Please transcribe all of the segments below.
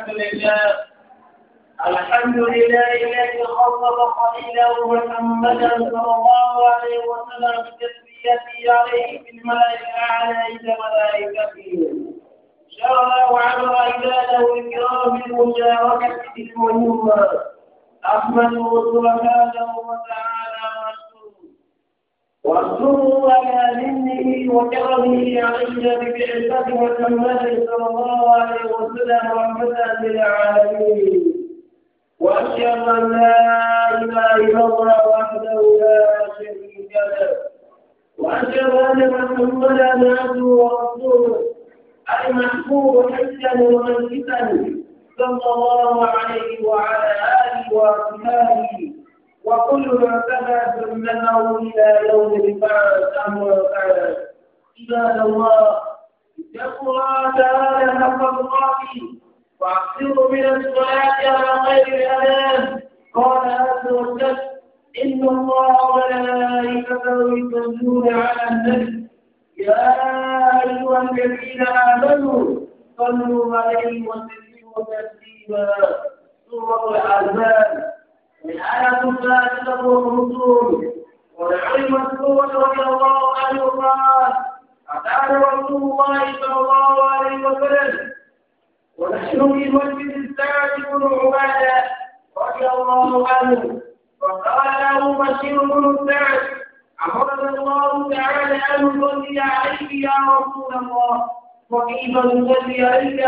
الحمد لله الحمد لله الذي خلق خليله محمدا صلى الله عليه وسلم بتسميته عليه في الملائكه على عند ملائكته شرع وعبر عباده الكرام بالمشاركه في المهمه احمده سبحانه وتعالى واذكروا على منه وكرمه علي بعزته محمد صلى الله عليه وسلم رحمة للعالمين وأشهد أن لا إله إلا الله وحده لا شريك له وأشهد أن محمدا عبده ورسوله المحبوب حجا ومنكسا صلى الله عليه وعلى آله وأصحابه وكل ما تبع سنته إلى يوم البعث أما بعد عباد الله اتقوا الله تعالى حق الله واحذروا من الصلاة على غير الأذان قال عز وجل إن الله وملائكته يصلون على النبي يا أيها الذين آمنوا صلوا عليه وسلموا تسليما سورة الأحزاب من آية ثالثة الرسول ولعلم مسعود رضي الله عنه قال أتانا رسول الله صلى الله عليه وسلم ونحن في مسجد السعد بن عبادة رضي الله عنه فقال له بشير بن السعد أمرنا الله تعالى أن نصلي عليك يا رسول الله وكيف نصلي عليك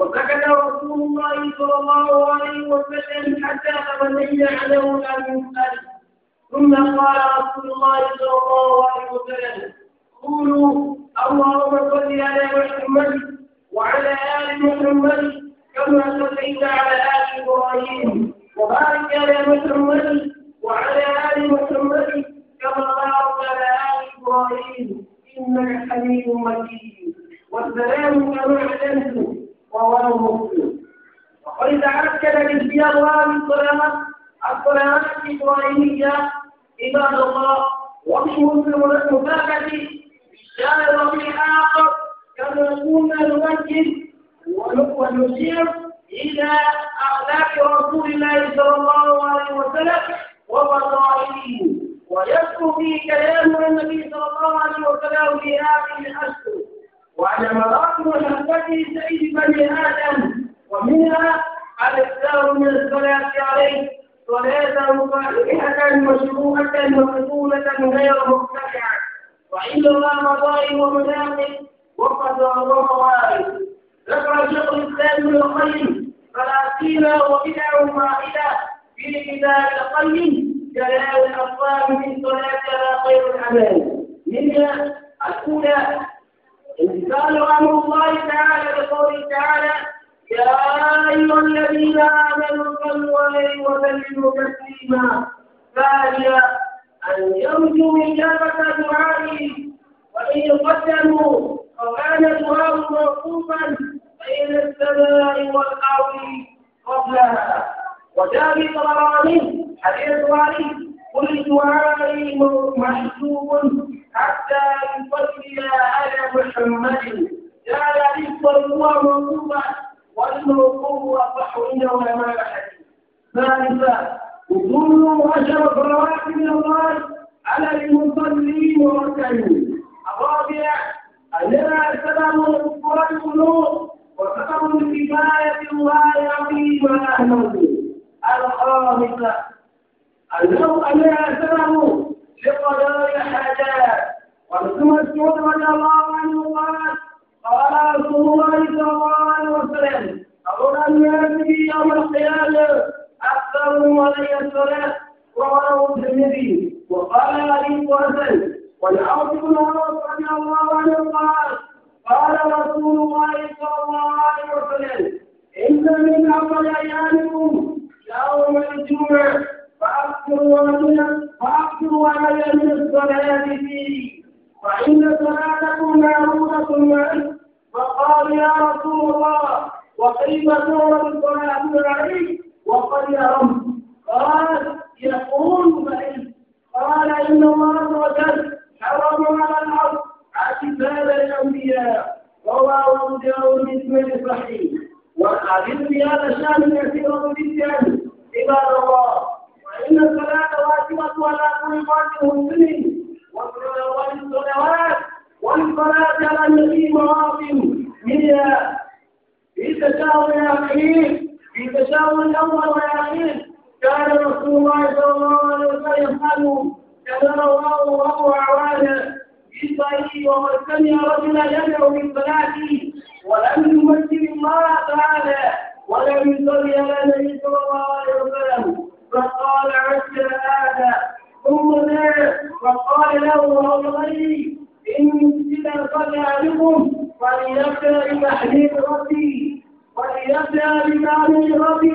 وسكت رسول الله صلى الله عليه وسلم حتى تمنينا عليه أن يسأل ثم قال رسول الله صلى الله عليه وسلم قولوا اللهم صل على محمد وعلى آل محمد كما صليت على آل إبراهيم وبارك على محمد وعلى آل محمد كما بارك على آل إبراهيم إنك حميد مجيد والسلام كما أعلنتم وهو مفلس وقد تأكد بالبيع من صلاة الصلاة الإسرائيلية عباد الله ومنهم المباركة بشار في آخر كما يكون نمجد ونشير إلى أخلاق رسول الله صلى الله عليه وسلم وفضائله ويذكر في كلام النبي صلى الله عليه وسلم في هذه الأشهر وعلى مراتب محبة سيد بني آدم ومنها الإكثار من الصلاة عليه صلاة مصالحه مشروعة مقبولة غير مرتفعة وإنما مضائم ومناقب وقضاء ذكر شيخ الإسلام ابن القيم ثلاثين وبدع واحدة في كتاب القيم جلال الأصنام من صلاة على خير الأمان منها الأولى امتثال امر الله تعالى بقوله تعالى يا ايها الذين امنوا صلوا عليه وسلموا تسليما ثانيا ان يرجوا اجابه دعائه وان يقدموا وكان دعاء موقوفا بين السماء والارض قبلها وجاء في طبراني حديث علي قلت هذه محجوب حتى يصلي على محمد لا يعرف الله موقوفا والموقوف اصح عند علماء الحديث ثالثا وصول عشر صلوات من الله على المصلين والمركعين الرابع اننا سلام القران القلوب وسبب الكفايه الله يعطيه ما اهله الخامسه أنهم أن أسرعوا لقضاء الحاجات ومسلم مسعود رضي الله عنه قال قال رسول الله صلى الله عليه وسلم أولى الناس في يوم القيامة أكثرهم علي الصلاة رواه الترمذي وقال علي حسن والعوض بن عوف رضي الله عنه قال قال رسول الله صلى الله عليه وسلم إن من أول يوم الجمعة فأكثروا علي من الصلاة فيه فإن صلاتكم معروفة معي فقال يا رسول الله وكيف تعرض صلاة علي وقد يرمت قال يقول بعيد قال إن الله عز وجل حرم على الأرض اعتزال الأنبياء رواه أبو داود بإسناد صحيح والحديث في هذا الشأن كثيرة جدا عباد الله فإن الصلاة واجبة على كل فرد مسلم والصلوات والصلاة على النبي مواطن هي في تشاور الأخير في تشاور الأول والأخير كان رسول الله صلى الله عليه وسلم يفعل كما رواه أبو عوانة في صحيح ومن سمع رجلا يدعو في صلاته ولم يمجد الله تعالى ولم يصلي على النبي صلى الله عليه وسلم فقال عسى هذا ثم دعا فقال له رجلي إن قد فجعلكم فليبدا بتحليل ربي وليبدا بتعليم ربي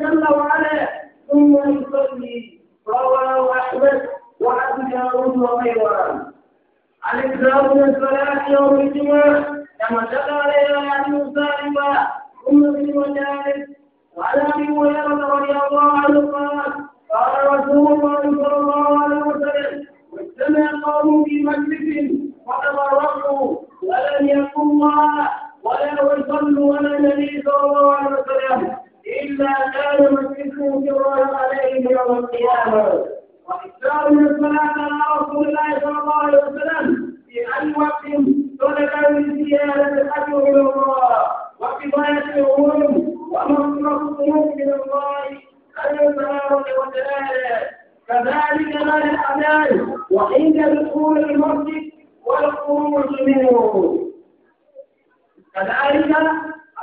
جل وعلا ثم يصلي رواه احمد وابو داود وغيره عن إكرام من يوم الجمعة كما دخل عليها عن مسالمة ثم من مجالس وعلى ابي هريره رضي الله عنه قال قال رسول الله صلى الله عليه وسلم واجتمع قوم في مجلس فتضرعوا ولم يقوا الله ولا يصلوا ولا النبي صلى الله عليه وسلم الا كان مجلسهم سرا عليهم يوم القيامه واكثار الصلاه على رسول الله صلى الله عليه وسلم في اي وقت سلك من زياده الاجر الى الله وكفايه العلوم ومن نصره من الله تبارك وتعالى كذلك مع الأعمال وعند دخول المسجد والخروج منه كذلك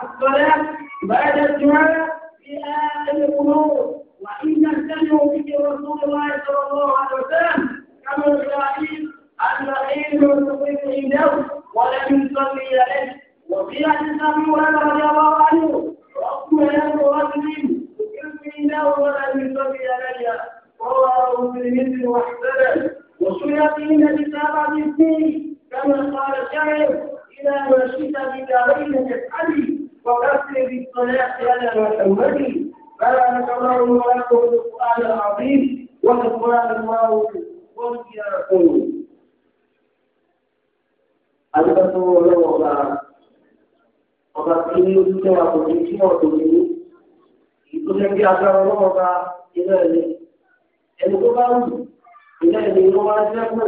الصلاة بعد الدعاء في آخر القنوت وإن استمعوا به رسول الله صلى الله عليه وسلم كما إبراهيم الرحيم يصلي عنده ولم يصلي عليه وقيل الإسلام هذا رضي الله عنه وأقول لك رجل يكفي له ولا يصلي علي رواه مسلم واحسنه وسيقين بسبب الدين كما قال الشاعر إلى ما شئت بك بين تسألي وكفر بالصلاة على محمد بارك الله لكم في القرآن العظيم ونفعنا الله وإياكم. أنت تقول ọba tí ní ojú tí wọn kò ní tí wọn kò ní ní ìlú tó bí agbára ọlọ́wọ́ bá iná ẹni ẹni tó bá wù iná ẹni ló wá dẹ́kù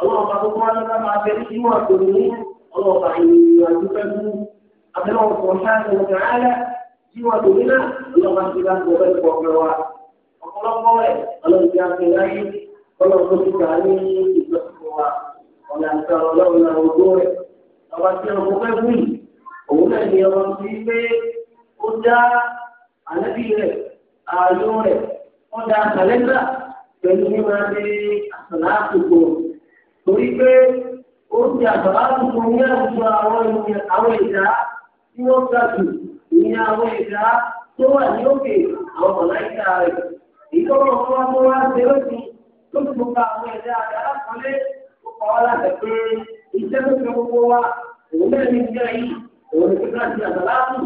ọlọ́wọ́ bá gbogbo wọn lọ́wọ́ máa bẹ tí wọn kò ní ọlọ́wọ́ bá ìrìn àjò fẹ́ mú abẹ́wọ̀n kan ṣáàtì ọ̀gá ayẹ tí wọn kò ní náà ọlọ́wọ́ bá ti bá gbọ́ bẹ́ẹ̀ pẹ́ wa ti gbà ní ìjọ ọ̀nà àti ọ̀rọ̀ ọlọ́run rẹ̀ ọba tí ọkọ̀ fẹ́ wù yìí òun náà ni ọmọ tí pé ó dá ànábì rẹ̀ ààyò rẹ̀ wọ́n dá kàlẹ́ńdà pẹ̀lú mímọ́ ní àsàlátùkù torí pé ó ti àsàlátùkù ní àwùjọ àwọn ènìyàn àwọn ìdá tí wọ́n gbà jù ní àwọn ìdá tó wà ní òkè àwọn mọ̀láìkà rẹ̀ ìtọ́wọ́ fún wa tó wá ṣe ó ti tó ti gbogbo àwọn ẹ̀dá alákọ̀ọ́lé ó pa wá láti pé iṣẹ́ tó fi gbogbo wa òun náà ní ìjọ yìí. والفكرة في الأخلاق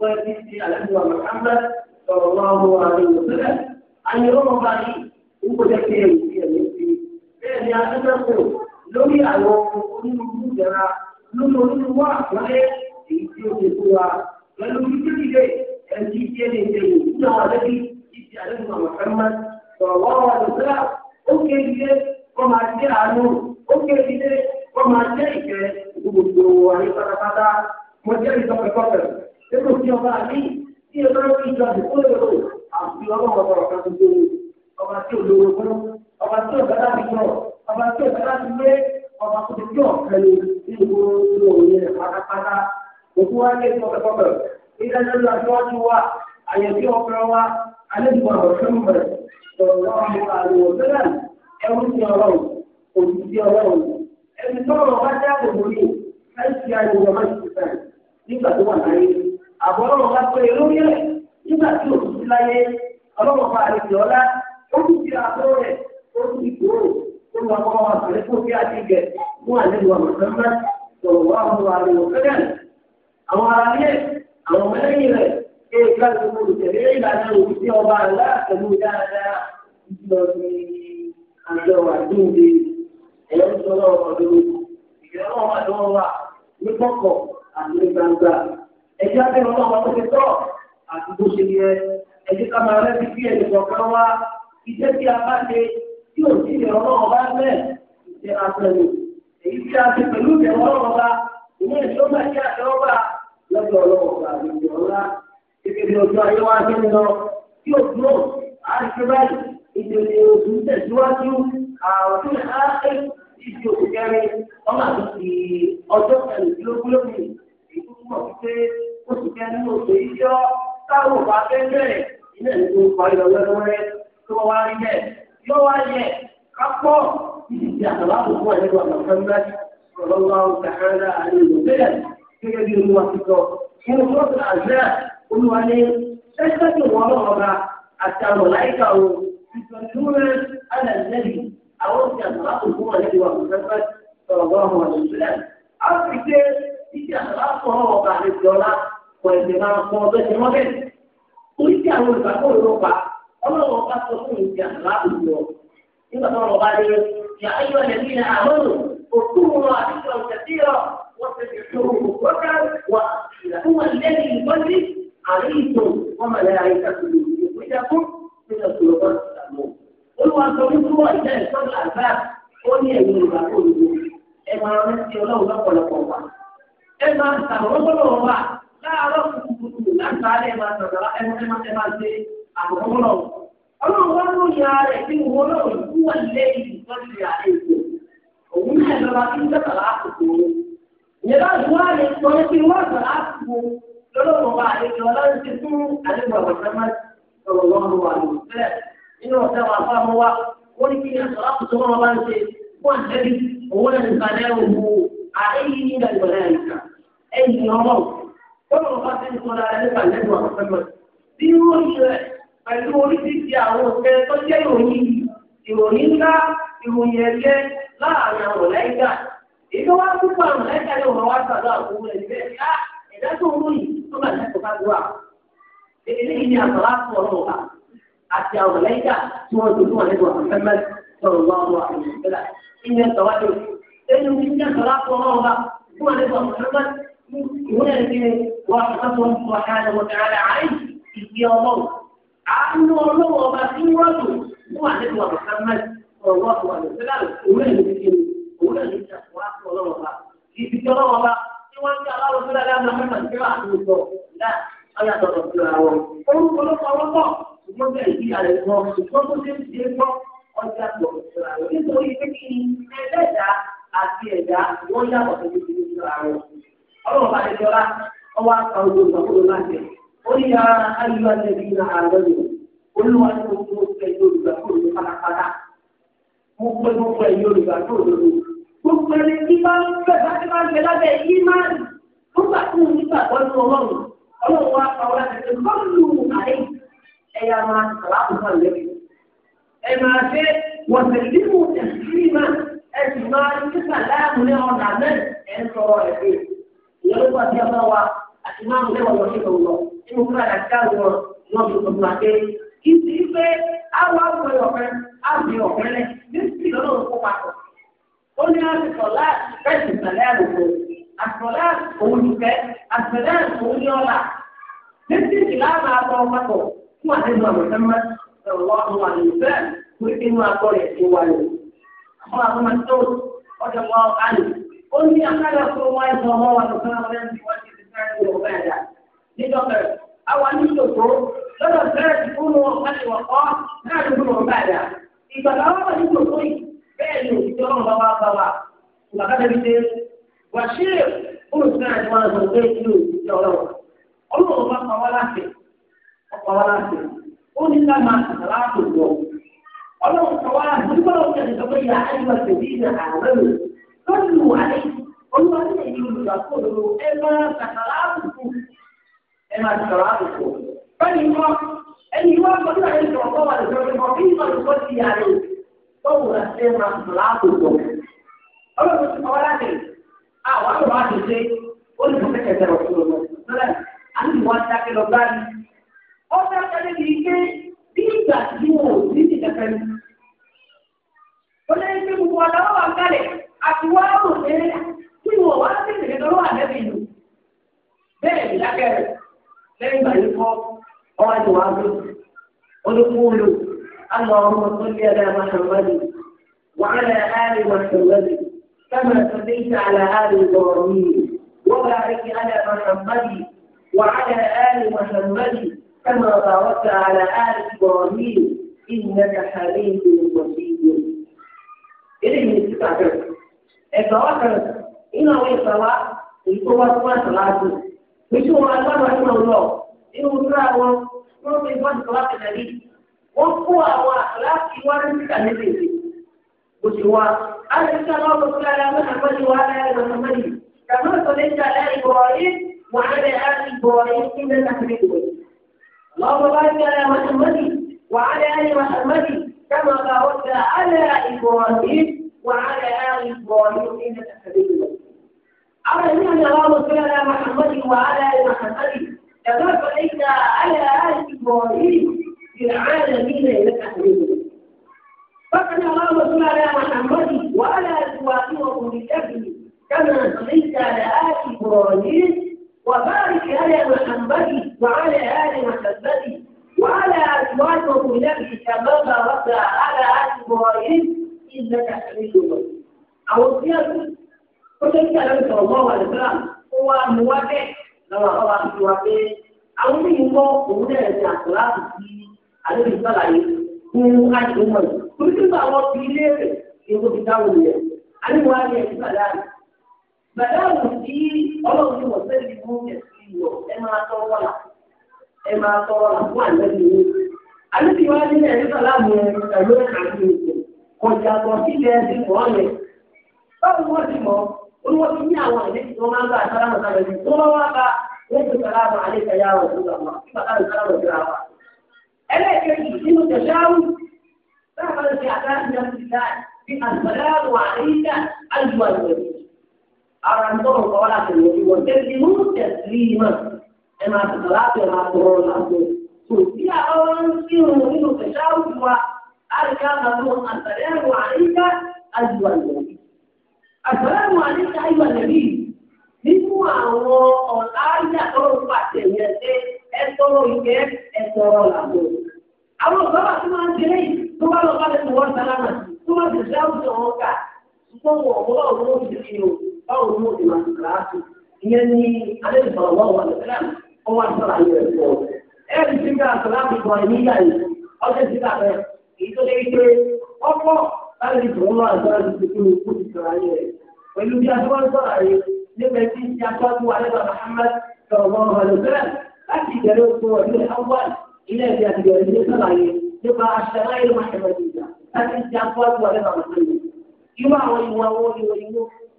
وفي الأنبياء محمد صلى الله عليه وسلم أن يروا بعدي وبذكر في المسجد فإن أتذكر لوي ألوم كل مجرى لوي نوع ولا يجيو تسوى ولو يجيو أن تيجي تيجي نوع الذي يجي الأنبياء محمد صلى الله عليه وسلم أوكي جدا وما جاء أنو أوكي جدا وما جاء كده وبدو عليه فتاة mo jẹ́ ìtọ́pẹ̀tọ́pẹ̀ nínú kí ọba mi tí ẹ bá rí ìjọ àdìpọ̀ èrò àti ọlọ́run ọ̀rọ̀ kan tó gbé ọba tí ò lówó fún ọba tí ò bẹ́lá ti yọ ọba tí ò bẹ́lá ti gbé ọba tó ti yọ ọ̀kẹ́lẹ̀ ní ìgboro ní òye rẹ̀ pátápátá òkú wa ní ìtọ́pẹ̀tọ́pẹ̀ ilé ẹjọ́ àjọ́jú wa àyẹ̀bí ọ̀pẹ̀rẹ̀ wa alẹ́dùn àwọn sẹ́mbẹ̀rẹ̀ sọ̀rọ̀ àwọn àlùwọ̀ sẹ́lẹ̀ ẹ̀rú ti ọlọ́run òjijì ọlọ́run ẹni tọ́rọ̀ wá jáde lórí láì fi àyẹ̀wò ọmọ ìṣẹ̀lẹ̀ nígbà tó wà láyé àbọ̀ ọlọ́run bá pé lórí ẹ̀ nígbà tí ò sí láyé ọlọ́run bá àlejò ọlá ó ti fi àbọ̀ rẹ̀ ó ti kúrò ó lọ kọ́ àgbẹ̀ kó bí àdìgẹ̀ fún àlejò àmọ̀tánmá sọ̀rọ̀ wá fún àlejò fẹ́gẹ̀ àwọn ará yẹ àwọn mẹ́rin rẹ̀ ké ká gbogbo ìtẹ̀lé ìlànà òfìsí ọba àlá pẹ̀lú dáadáa lọ sí àjọ àdúgbò ẹ̀yọ́ sọ́lọ́ ọ̀dọ́ ìgbẹ́ ọmọdé wọn wà ní kọ́kọ́ àti ní gbangba ẹjẹ́ abẹ́rẹ́ ọmọ ọmọ tó tọ́ àti bó ṣe yẹ ẹjẹ́ ká máa rẹ́ bíbí ẹ̀jẹ̀ kọ̀ọ̀kan wá iṣẹ́ tí a bá ṣe tí ò sí ìrọ̀ náà bá mẹ́ ìṣe àtẹ̀lù èyí tí a ṣe pẹ̀lú ìrọ̀ náà bá ìwé ìṣó máa ṣe àtẹ̀wọ́gbà lọ́dọ̀ ọlọ́wọ́ àgbègbè ọ̀la kékeré ojú ayé títí oṣù kẹrin ọmọ àti ti ọjọ́ kẹrìndínlógún lónìí èyí tó túbọ̀ sí pé oṣù kẹrin oṣù yíyọ táwọn òbá fẹ́ bẹ̀rẹ̀ ilé ìlú tó kọ ìlọ wẹ́rẹ́wẹ́rẹ́ tó wá rí bẹ́ẹ̀ yóò wá yẹ kápọ̀ ìdìbò àtàlà àbùkù ẹ̀ lẹ́nu àwọn fẹ́mílẹ́ ọlọ́wọ́ ìdáhàndà àlejò bẹ́ẹ̀ gẹ́gẹ́ bí olúwa ti sọ nínú mọ́tò àzẹ́ olúwa ní ṣẹ́ṣẹ́ tó wọ́n ọ̀gá àti àwọn láìka òun ìtọ́jú rẹ̀ alẹ́ lẹ́yìn àwọn oúnjẹ àtàlà tó fún ọ̀lẹ́dẹ̀ wa kò fẹ́fẹ́ sọ̀rọ̀ bá wọn lè sílẹ̀. a sì gbé iṣẹ́ àtàlà fún ọ̀rọ̀ ọ̀gá àti ìjọba kọ̀ ẹ̀jẹ̀ máa pọ̀ ọ̀bẹ ti wọ́n bẹ̀. orí tí àwọn olùgbàgbọ́ òun pa ọlọ́wọ́ bá sọ fún ìjẹ́ àtàlà tó lọ. nígbà tó wọn bá dé yà á yọ ẹ̀mí ní àmọ́nù òkú wọn àti ìjọba ìjọba olúwa sọ wípé wọ́n jẹ́ ìtọ́jú àgbà ó ní ẹ̀yìn ìgbà tó lò ẹ máa rẹ sí ọlọ́run lọ́pọ̀lọpọ̀ wa ẹ máa sàrọ̀ lọ́pọ̀lọpọ̀ wa láàárọ̀ kùtùkùtù láti alẹ́ ẹ máa sọ̀rọ̀ ẹ máa ẹ máa ṣe àkọ́kọ́ lọ́wọ́ ọlọ́run wá ló ya rẹ̀ bí wọn lọ́rùn kú wà lẹ́yìn ìtọ́jú àlejò òun náà lọ́ba tí ń tẹ̀sán àkùkù òun ìyẹn láti wá lè sọ pé wọ́n sọ̀rọ̀ àkùkù lọ́lọ́run wa àlejò ọlọ́run ti fún àlejò àwọn nínú ọ̀sẹ̀ wà fún amú wa wọ́n ní kí ni àtọ̀ láti tó wọn bá ń ṣe fún àtẹ́bí òun náà nípa náà wò àáyí ní ìgbà ìgbà náà nìkan ẹ̀yìn ọmọ wọn wọn bá ti ń sọ ara nípa ìlẹ́nu àkọ́kọ́ bí wọ́n ṣe pẹ̀lú oríṣiríṣi àwọn ọ̀sẹ̀ tó jẹ́ ìròyìn ìròyìn ńlá ìròyìn ẹ̀yẹ láàrin àwọn ọ̀lẹ́gà èyí wá púpọ̀ àwọn ọ̀lẹ́gà ni wọ́n wá sàlọ́ àkókò ẹ̀jẹ̀ ẹ̀dá tó ń lóyìn tó bá ṣe kọ́ká gbọ́ à àti àwọn mọ̀lẹ́kà tí wọ́n dojú wọn lẹ́nu àwọn fẹ́mẹ́ sọ̀rọ̀ wọn àwọn àwọn ìgbẹ́lá. Ìyẹn sọ̀rọ̀ tó ẹni wí ní sọ̀rọ̀ àpò ọmọ ọba tí wọ́n lẹ́nu àwọn fẹ́mẹ́ ìwé ẹ̀rí ti wọ́n àkọ́kọ́ tó ń bọ̀ ṣáájú wọn tẹ̀lé àárín ìgbé ọlọ́run. Àánú ọlọ́run ọba tí wọ́n lò fún àlejò àwọn fẹ́mẹ́ sọ̀rọ̀ wọn àwọn ìgbẹ́lá ṣùgbọ́n bẹ́ẹ̀ kí àlẹ́ wọn ṣùgbọ́n tó ṣe ń ṣe gbọ́ ọjà pọ̀ ìṣura rẹ̀ nítorí pé kí ni ẹlẹ́dà àti ẹ̀dá wọ́n tó ọlọ́run bá ti jọra ìgbàkúrò ó ní ara ayélujára ẹbí ní àárọ̀ olúwa ní olùgbàkúrò ní pátápátá mo olùgbàkúrò gbogbo ẹni ẹ̀yà máa ti sọ̀rọ̀ àkùnfà lẹ́yìn. ẹ máa ṣe wọ̀sẹ̀límù ẹ̀sìnìmá ẹ sì máa ń kíkà láàmú ní ọ̀nà náà ẹ̀ ń sọ̀rọ̀ rẹ̀ pé ìyọlọ́gbà tí a bá wa àti máa ń lẹ́wọ̀ lọ sí ìlọ́wọ́ nínú fúnra rẹ̀ ká wọn wọn fi tuntun àti ìdí pé àwọn àwọn ọ̀fẹ́ àbí ọ̀fẹ́ lẹ̀ ní sí lọ́nà òkú papọ̀. ó ní àtìkọ̀ fún àdébà mọ̀tẹ́mọ́ ẹ̀rọ àwọn àlùfẹ́ torí pé inú akọ rẹ̀ ti wà lò. àwọn àgbọ̀n tó ọjọ́ wa àlù ó ní akáyọ̀ fún wa ìtọ́ ọmọ wa tó fẹ́ràn rẹ̀ ní wọ́n ti fi fẹ́ràn rẹ̀ ọ̀gá ẹ̀dá. nítorí àwa nílò tó lọ́dọ̀ bẹ́ẹ̀ ti fún wọn láti wọ̀ ọ́ náà ló fún ọ̀gá ẹ̀dá. ìgbàgbọ́ wọn wà nílò tó yìí bẹ́ẹ̀ ni òṣìṣẹ́ ọlọ́run bá wá bá wa. ìgbàgbọ́ tẹ̀lé ṣe wàṣírí olùsílẹ̀ àti wọn àgbọ̀n ọ̀pọ̀ wọn láti ó ní ká máa sọ̀rọ̀ láti lọ. ọlọ́run sọ wá láti nígbà wọn kẹ́lẹ́ sọ pé ìyá ayélujára tẹ̀lé ìrìn àárẹ̀ rẹ̀ tó ń lu wàlẹ́ olúwa ní èyí olùdókòwò lọ́wọ́ ẹ máa sọ̀rọ̀ láti fún ẹ máa sọ̀rọ̀ láti fún. bẹ́ẹ̀ni wọ́n ẹni wọ́n kọ́ nígbà yẹn sọ̀rọ̀ kọ́ wà lọ́wọ́ àwọn àwọn àti ṣe olùkọ́ kẹ̀kẹ́ sọ̀rọ̀ fún un lọ́la àti ìwọ́n dákẹ́ lọ bá mi ọ̀sẹ̀ kẹlẹ́ ní ike bí ìgbà tí wò ní ti kẹkẹ ni. ó lé ní gbogbo ọ̀dà wà wà kálẹ̀ àti wá rò pé kí wọ́n wá sí ìrìn lọ́wọ́ àlẹ́bí ìlú. bẹ́ẹ̀ ni lákẹ́rẹ̀ lẹ́yìn ìgbà yìí kọ́ ọwọ́ àti wàá lò olùkúlù àlọ́ ọmọ tó lé ẹ̀dá mọ́tòmọ́dì وعلى آل محمد كما صليت على آل إبراهيم وبارك على محمد وعلى آل محمد كما باركت على آل إبراهيم إنك حميد مجيد إليه تتعبد إبراهيم إنه يصلى ìkówá tó wà sọláàtì nítorí wọn agbára nínú ọlọ nínú ìdúrà wọn wọn fi wọn sọ láti nàbí wọn kó àwọn àláàfin wọn ní síta níbi ìdí kò sí wa alẹ́sẹ̀ náà kò sí ara wọn àgbẹ̀lẹ̀ wọn ara ẹ̀ lọ́sọ̀ mẹ́lì tàbí wọn sọ lẹ́sẹ̀ alẹ́ ìbọ̀ọ̀yé wọn alẹ́ alẹ́ ìbọ̀ọ̀yé kí lẹ́sẹ̀ àti ìbọ̀ọ̀yé. اللهم بارك على محمد وعلى آل محمد كما باركت على إبراهيم وعلى آل إبراهيم إنك حميد مجيد أولا اللهم صل على محمد وعلى آل محمد كما صليت على آل إبراهيم في العالمين إنك حميد مجيد فقنا اللهم صل على محمد وعلى آل إبراهيم كما صليت على آل إبراهيم وبارك على محمد وعلى آل محمد وعلى أزواجه نبي كما باركت على آل إبراهيم إنك حميد مجيد. أو الصيام صلى الله عليه وسلم هو موافق لما هو موافق àwọn tí yìí kọ́ òun náà ti àkùláàbù sí àlejò sàlàyé fún àjùmọ̀ yìí. Orí tí àwọn fi léèrè ni wọ́n fi dáwọ́ ilẹ̀. Àníwá ni ẹ̀sìn sàlàyé. Bàdáàmù tí ọlọ́run ti wọ̀ sẹ́yìn mú ẹ̀sìn lọ, ẹ máa ẹ máa fún mi. wa ẹ̀rí sàlámù ìgbò, kọjá ẹ̀sìn ọ̀lẹ̀. Báwo wọ́n ti mọ̀? ti ní àwọn máa ń sálẹ̀ ní. wá bá fún àwọn àti ara ń tọrọ kọ́ láti lọ sí wọn tẹ́lẹ̀ mú tẹ̀sí mọ́ ẹ máa tẹ̀sí láti ẹ máa tọrọ láti kò sí àwọn tí wọn nínú kẹsà òkú wa àríkà àgbàdo àtàlẹ́ àwọn àríkà àjùwà lẹ́bí àtàlẹ́ àwọn àríkà àjùwà lẹ́bí nínú àwọn ọ̀tá àríkà pàṣẹ yẹn ṣe ẹ tọrọ ìkẹ́ ẹ àwọn ọ̀gá wa tí wọ́n ń ṣe lẹ́yìn tó bá lọ́ọ́ báwo ni wọ́n ti máa tẹ̀lé àti ìyẹn ní alẹ́ ìsọ̀rọ̀ wọ́n wà lẹ́sẹ̀ náà wọ́n wá sọ̀rọ̀ ayé rẹ̀ pọ̀. ẹ̀rí ti ká sọ̀rọ̀ àti ìbọn ẹ̀mí yà yìí ọjọ́ ti ká bẹ̀ èyí tó lè gbé ọkọ̀ láti lè tún lọ àgbà ti fi kú ti sọ̀rọ̀ ayé rẹ̀. pẹ̀lú bí aṣọ wọn sọ̀rọ̀ ayé nígbà tí ti aṣọ àti wà lẹ́sọ̀ Muhammad sọ̀rọ̀ wọn wà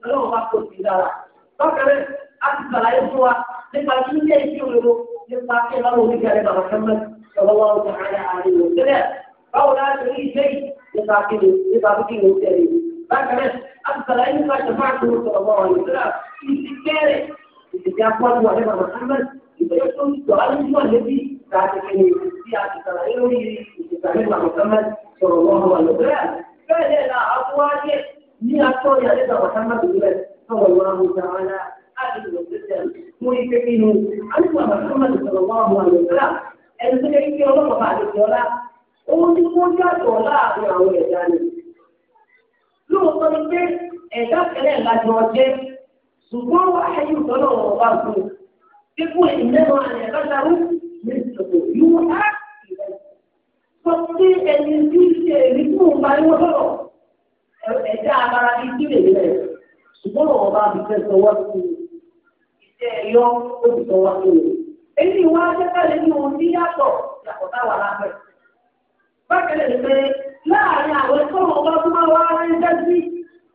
ọlọ́run bá kó sí dára. bákẹ́rẹ́ a ti sàlàyé fún wa nípa kí ilé iṣẹ́ òdodo nípa kí ọlọ́run òbí kẹrẹ bàbá kẹmẹ́ ọlọ́wọ́ ọ̀gá ara ààrẹ ìwò sílẹ̀. báwo la ṣe rí iṣẹ́ yìí nípa kí ni nípa kí ni ó tẹ̀lé. bákẹ́rẹ́ a ti sàlàyé nípa ìjọba àtúntò ọlọ́wọ́ ọ̀gá ìṣẹ́lẹ̀ ìṣẹ́kẹ́rẹ́ ìṣẹ́kẹ́ apọ́jú àlẹ́ bàbá kẹmẹ́ ìṣẹ́kẹ́ tó ń ní atọ́ ya nígbà wọ́n sábà tó lẹ̀ sọ̀rọ̀ wọn àwọn ọ̀gá wọn náà láti lọ sí sẹ́ẹ̀ mú ife nínú àdúgbò àbàtúmọ̀ ti sọ̀rọ̀ wọn àwọn àlùkà ẹni tó yẹ kí ọlọ́pàá bá àdéjọ ọlá ohun tí wọ́n yàtọ̀ láàrin àwọn ẹ̀dá ni. lóòótọ́ ni pé ẹ̀dá kẹlẹ́ ìlàjọ jẹ́ ṣùgbọ́n àyè ìtọ́nà ọ̀bá fún un dípò ìmẹ́wàá ẹ̀dá ẹ̀jẹ̀ agbára bíi kí lè rẹ̀ ṣùgbọ́n àwọn ọba àbíkẹ́ sọ wá sí iṣẹ́ ẹ̀yọ́ ó sì sọ wá sí i. èyí wá jẹ́kẹ́lẹ́ ní ohun tí yàtọ̀ yàtọ̀ táwa lábẹ́. bákẹ́lẹ́ ni pé láàárín àwọn ẹ̀kọ́ ọba tó máa wá rẹ́ńdẹ́ sí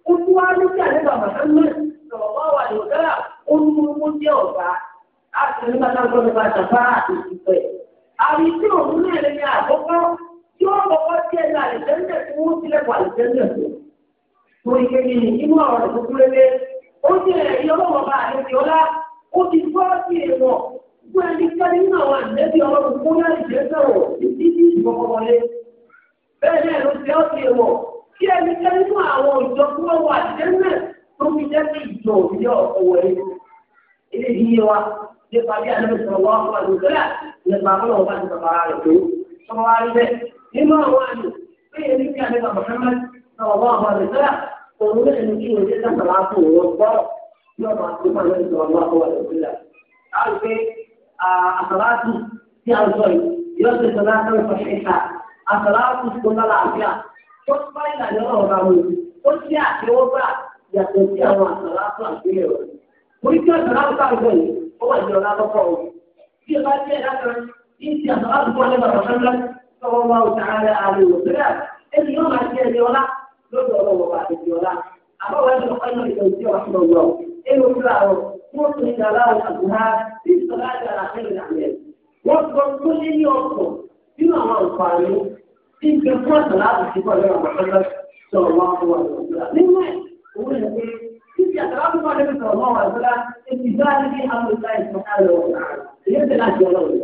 ó tún wá ní sí àdébà màdánmẹ́ lọ́wọ́ wà ní òtẹ́là ó ní owó jẹ́ ọ̀gá láti ní ní bá àti torí pé ní inú ọ̀rọ̀ tó kúrẹ́ lé ó ti rẹ̀ yí ọlọ́wọ́ bá àlejò ọlá ó ti gbọ́ sí èèmọ̀ fún ẹni kẹ́ni nínú àwọn àlejò ọlọ́run fún láì jẹ́ sọ̀rọ̀ títí ìgbọ̀kọ̀wọlé bẹ́ẹ̀ náà ló ti ọ́ sí èèmọ̀ kí ẹni kẹ́ni nínú àwọn ìjọ tó wọ́n wà jẹ́mẹ̀ tó fi jẹ́ sí ìjọ òbílẹ̀ ọ̀wọ̀lé ilé yìí wa nípa bí alẹ́bẹ̀sọ̀rọ̀ wọn wà lóṣèlú nípa bọ́lọ̀ wọn òun náà ní kí ojú sábà máa fún òun gbọ́ yóò máa tó máa lọ́dún sọ̀rọ̀ máa fọwọ́ lọ́dún sílẹ̀. a rò pé àsàlátù tí a sọ yìí yóò ṣe sọ láti sọ ṣẹṣà àsàlátù tó bá làáfíà tó bá ìlànà ọ̀rọ̀ bá mu ó ṣe àtẹwọ́gbà yàtọ̀ sí àwọn àsàlátù àgbélẹ̀ rẹ̀. mo ní kí àsàlátù lọ́dọ̀ ọlọ́wọ́ bá ti di ọ̀la. Àbáwọ̀ ẹ̀sìn ọ̀pá ìlú ìjọ ìjọ ìjọ ìjọ inú fúlà rọ̀ wọ́n tún ìjà láwọn àbúrá tí ìsọ̀lá àjàrà fẹ́rẹ̀ làlẹ́. Wọ́n sọ tó lé ní ọkọ̀ nínú àwọn àǹfààní tí ń fi fún àtàlá àbùsí pọ̀ lọ́wọ́ àbọ̀tọ́lá sọ̀rọ̀ wọn fún wa lọ́wọ́. Nínú ẹ̀ òun lè pe títí àtàlá fún wa lẹ́nu sọ̀rọ̀ wọn wà lọ́wọ́ ètò ìgbà ní àwọn ìgbà ìsọ̀rọ̀ àlọ́ ìyẹn ti láti ọlọ́run.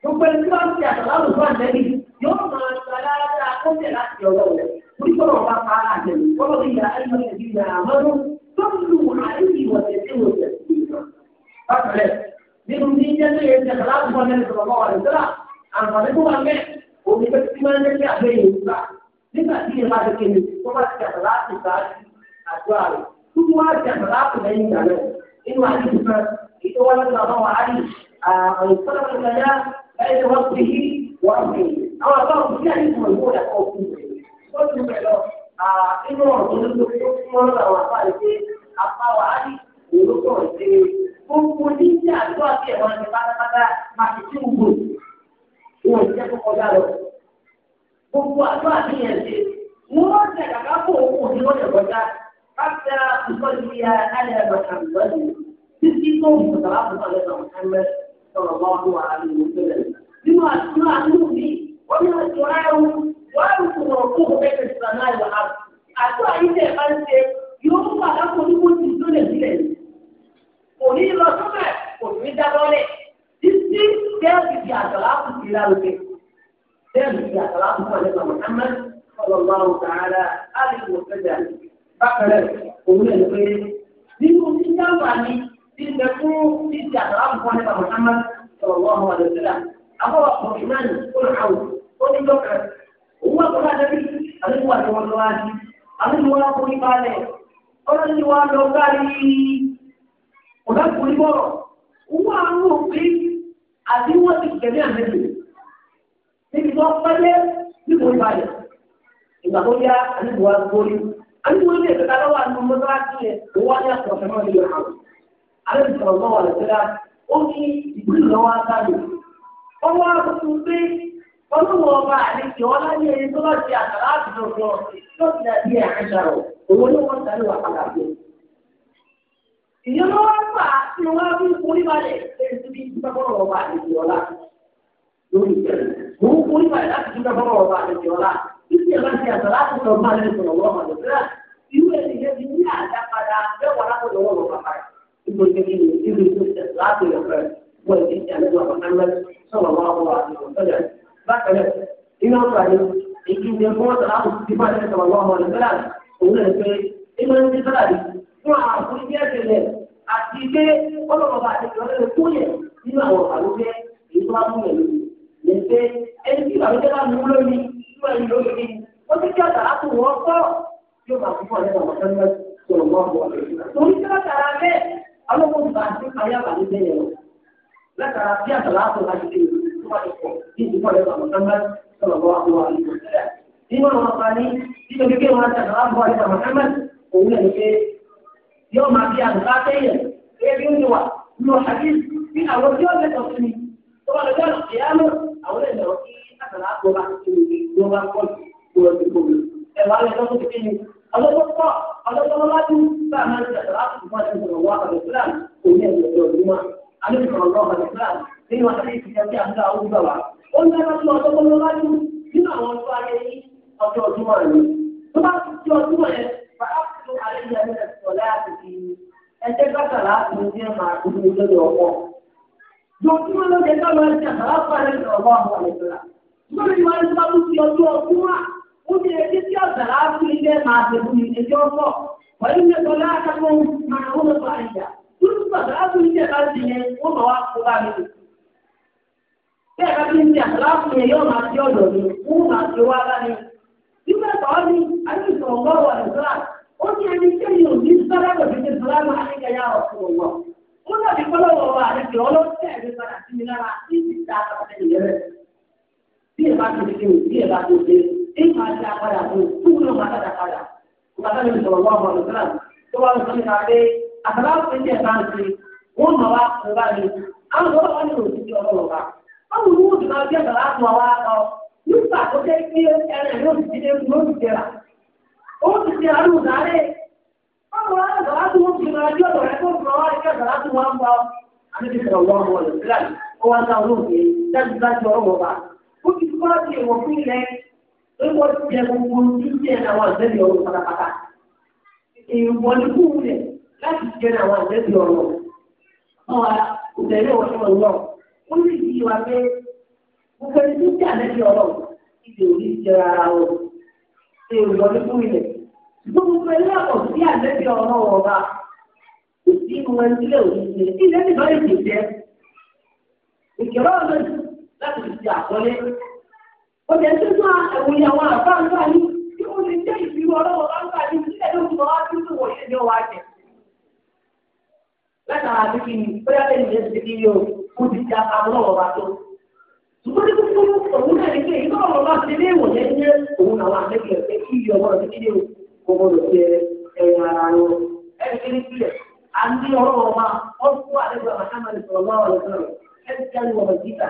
Gbogbo ẹni tí wọ́n ti àtàlá àbùsí pọ̀ lẹ́nu yóò máa sọ بشرع قال وقل يا ايها الذين امنوا صلوا عليه وسلموا تسليما فقلت من دين الاستخلاف النبي صلى الله عليه وسلم عن طريق الله وبتسليما لك عليه nígbà tí ìyẹn bá ti kéde tó bá ti kàtà láti sáájú àjọ àrè tó tún wá kàtà láti lẹ́yìn ìgbà náà nínú àyè ìfẹ́ ètò wọn lọ́dún àwọn àyè àwọn ìfọ́nàmọ́lẹ́yà ẹ̀ẹ́dẹ̀wọ́n ti yí wọ́n ti àwọn àbáwọn ìdílé àyè ìfọ̀nàmọ́lẹ́yà ọ̀gbìn rẹ̀. ó ti bẹ̀rẹ̀ inú ọ̀rọ̀ ló ló tó fún wọn làwọn àbáyé pé apáwa á ní òun tó ń ṣe gbogbo ní ti àdúrà tí ẹ̀ máa ń ṣe pátápátá máa ti tí wù wọn ò jẹ́ kó kọjá lọ. gbogbo àdúrà tí yẹn ṣe wọ́n ṣe kàkà kó òun ní wọ́n lè kọjá káfíà ìkọlù ya ayé ẹ̀rọ kàmùtọ́jú títí tó ń bọ̀ sábà fún ọ̀lẹ́ sọ̀rọ̀ kẹ́mẹ́ sọ̀rọ̀ bá wà á wọ́n á lùkù wọn kó o bẹ́ẹ̀ tẹ̀sán náà wà á. àtú àyíṣẹ́ bá ń ṣe yóò wà lápò onígbò tí tó lè sílẹ̀. kò ní lọ sọ́mẹ̀ kò ní dá lọ́lẹ̀. títí bẹ́ẹ̀ di àgbàlá kù sí lárugẹ. bẹ́ẹ̀ di àgbàlá kù sí ọ̀lẹ́ bàbá àmọ́ ọlọ́lá ọ̀tàrà á lè wọ sẹ́jà. bákan náà òun lè pé nínú títí àǹfààní ti bẹ fún títí àgbàlá kù sí ọ̀lẹ́ bàbá àmọ́ òun wà kọ́lá dẹ́bí àlejò wà lọ́wọ́ lọ́wọ́ àjí àlejò wà kó ní balẹ̀ ọ̀rọ̀ ní wà lọ gárí ọ̀gá kò ní bọ̀rọ̀ òun wà ń rò pé àbí wọ́n ti tẹ̀lé àmẹ́lò níbi tó pẹ́lẹ́ ní kò ní balẹ̀ ìgbà tó yá àlejò wà gbórí àlejò wà ní ẹ̀ka lọ́wọ́ àti mọ́tò àti ẹ̀ òun wà ní àkọ́ṣẹ́ náà ní ìhà àlejò sọ̀rọ̀ lọ́wọ́ àlejò ó ní ìgbìlọ́wọ́ olúwo ọba àlejò ọláyé ẹni tó bá ti àtàrà àtúntò lọ tó ti dàbí àṣà rọ òun ni wọn sáré wà padà bọ. ìyọ́nà wọn fà á tí wọn fi kúrí balẹ̀ lẹ́yìn tó bí dúpẹ́fọ́rọ̀ ọba àlejò ọlá lórí ìbẹ̀rẹ̀. òun kúrí balẹ̀ láti dúpẹ́fọ́rọ̀ ọba àlejò ọlá títí ẹ̀ bá ti àtàrà àtúntò ọba àlejò ọlọ́ wọ́n ti ṣe ìdí ẹ̀kọ́ wọn sọ̀rọ̀ àwọn ti bá ẹ̀rẹ́ sọ̀rọ̀ wọn ọmọ ìfẹ́lá òun náà pé ẹgbẹ́ ń ti sọ́lá rí fún àwọn ìdí ẹ̀sẹ̀lẹ̀ àti ilé ọlọ́mọba àti ìrọ̀lẹ́ kó yẹ nínú àwọn àlùfẹ́ èyí tó wá fún ẹ̀lú lè ṣe ẹni tí ìbàlódé bá mú lórí tó ẹni lórí wọ́n ti kí àtàrà tó wọ́n kọ́ yóò máa fún ọ̀rẹ́ àwọn ọ̀sán sọ̀rọ̀ wọn bọ̀ torí tí wọ́n ọ̀rẹ́ nínú àwọn àǹfààní nítorí pé wọn àtàlà wà bọ́ àìsàn Muhammad òun lẹ́nu pé yóò máa fi àlùkà tẹ́yẹ̀ gẹ́gẹ́ bí ó ti wà nínú hadith bí àwọn tí ó lẹ́tọ̀ọ́ sí ni tó bá lọ́jọ́ ìyáàmú àwọn lẹ́tọ̀ọ́ kí àtàlà àgbọ̀bá ti ló bá kọ́ ìgbọ̀rọ̀ ti kò lò ẹ̀wà lẹ́tọ̀ọ́ tó ti kí ni ọlọ́pọ̀ pọ̀ ọlọ́pọ̀ lọ́lájú bá a máa ń tẹ̀sán láti fún àti ìṣòro wa àti Islam òun ní ẹ̀jẹ̀ ìjọ ìlú wa àti ìṣòro lọ́wọ́ àti Islam nínú àti ìṣiṣẹ́ tí a ń gbà ó gbà wá. ó ń dáná sí ọlọ́pọ̀ lọ́lájú nínú àwọn ọjọ́ ayẹyẹ ọjọ́ ọdúnmọ̀ rẹ̀. Tó bá ti di ọdúnmọ̀ yẹn, bàbá mi ló àlẹ́ ìyá mi lẹ́sìn ọ̀lẹ́ àti ti ẹjẹ́ gbàgbàlá tó ń jẹ́ máa tó ní lórí ọkọ. Jọ̀ọ́dúnmọ̀ ló jẹ́ káwọn ẹ̀sìn àgbàlá fún àlẹ́ ìrọ̀ ọ̀bọ̀ àwọn àlejòlá. Lórí wa ní bá tó ti ọjọ́ ọdúnmọ̀ ó ti ẹjẹ́ tí àgbàlá fún ilé máa tẹ̀kùn ìdẹ́jọ́ ọkọ̀. Pẹ̀lú ìgbẹ́kọ̀ láàkàtọ̀ máa ó lọ́kọ̀ àyà. Lórí àgbàlá fún ilé bá ti bẹ́ẹ̀ bá ti ń jà láàfin yẹn yóò máa ti ọ̀dọ̀ mi wọ́n máa ti wá bá mi ọ ní àdúgbò ọgbà wà lọ́sọ̀rọ̀ ó ní ẹni tí èyí ò ní sọ́dá kò fi ṣe sọ́dá máa ní kẹyà ọ̀sùn ọ̀wọ́ ó dàbí kọ́lọ́wọ́ wà lẹ́sẹ̀ ọlọ́sẹ̀ ẹ̀mí padà sí mi lára tí ti ta àtàkùn ẹ̀yẹ rẹ̀ bí ẹ bá ti ṣe o bí ẹ bá ti ṣe é máa ṣe àpadà fún fún náà máa dáadáa padà ọba tó lè sọ̀rọ̀ wọ́n ọ̀rọ̀ sọ́dá tó wà lọ́sọ̀rọ̀ nígbà tó jẹ́ pé ẹran yóò ti dé ló ti jẹrà ó ti jẹ àrùn lálẹ́ báwo wá lọ́dọ̀ tó ń fi ẹjọ́ rẹ̀ tó fi lọ́wọ́ ẹjọ́ rẹ̀ tó wá ń bá àbíbi sọ̀rọ̀ wọn wọn lọ sílẹ̀ ó wá sáwọn olóògbé dájú dájú ọ̀rọ̀ wọn bá ó ti fún wa ti ìwọ̀n fún ilẹ̀ ó wọ́n ti jẹ gbogbo títí ẹ̀ àwọn àgbẹ̀bí ọ̀rọ̀ pátápátá ìwọ̀n ní kú láti jẹ wọn wọn gbogbo tó jẹ́ àlẹ́ bí ìdè òní jẹra ara wọn ṣe ìwọlé fún ilẹ̀ gbogbo ẹni àpọ̀ sí àlẹ́ bí ọba kò sí inú ẹni ilé òní ṣe ilé ní bá èdè jẹ ìkẹrọ ọ̀nà láti fi ṣe àkọlé ọjà tó tó àwọn ìyàwó àbáńgbá ní tí ó lè jẹ́ ìfìwọ́ ọlọ́wọ́ bá ń gbà ní ìdílé lóko wá sí ìwọ̀ ní ọwọ́ àjẹ látara àbíkí ni bóyá bẹ́ẹ̀ ni ẹ ti di yóò kó ti di apá ṣùgbọ́n ní kúkú òun náà ní pé ìgbà wọn bá ṣe léèwọ̀ yẹn jẹ́ òun àwọn àgbẹ̀kẹ̀ pé kí iye ọmọ rẹ̀ kéde kò gbọdọ̀ jẹ ẹ̀yìn ara wọn ẹ̀rí kéré sílẹ̀ a ní ọ̀rọ̀ ọba wọn fún àlejò àmàkàmà ní sọ̀rọ̀ bá wọn sọ̀rọ̀ ẹ̀sì kẹ́lu ọmọ jíta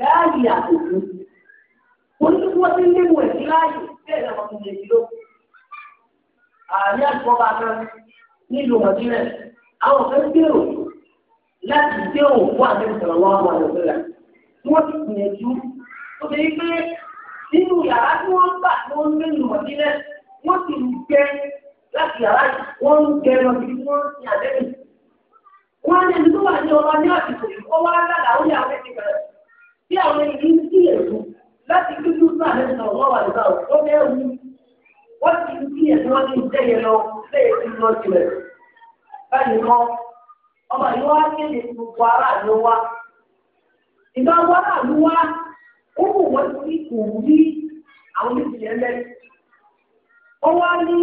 láàyè àtòkù oníkú wọn ti léèwọ̀ ẹ̀sìn láàyè bẹ́ẹ̀ ni ọmọ mi lè ààrẹ àgbọ̀bà kan wọ́n ti gbìyànjú. Ó ṣe pé nínú yàrá tí wọ́n gbà tí wọ́n ń gbé nù wọ́n ti gbẹ láti yàrá yìí, wọ́n ń gbẹ lọ sí wọ́n ti Wọ́n á ní ẹni tó wà ní ọmọ ní àsìkò yìí, ó wá lára ó ní àwọn ẹni bẹ̀rẹ̀. Bí àwọn ẹni yìí ń láti wọ́n wà nígbà ó Wọ́n ti ní lọ ìgbà wọn àlú ó wù wọ́n sí òun ní àwọn méjì yẹn lẹ́yìn. ó wá ní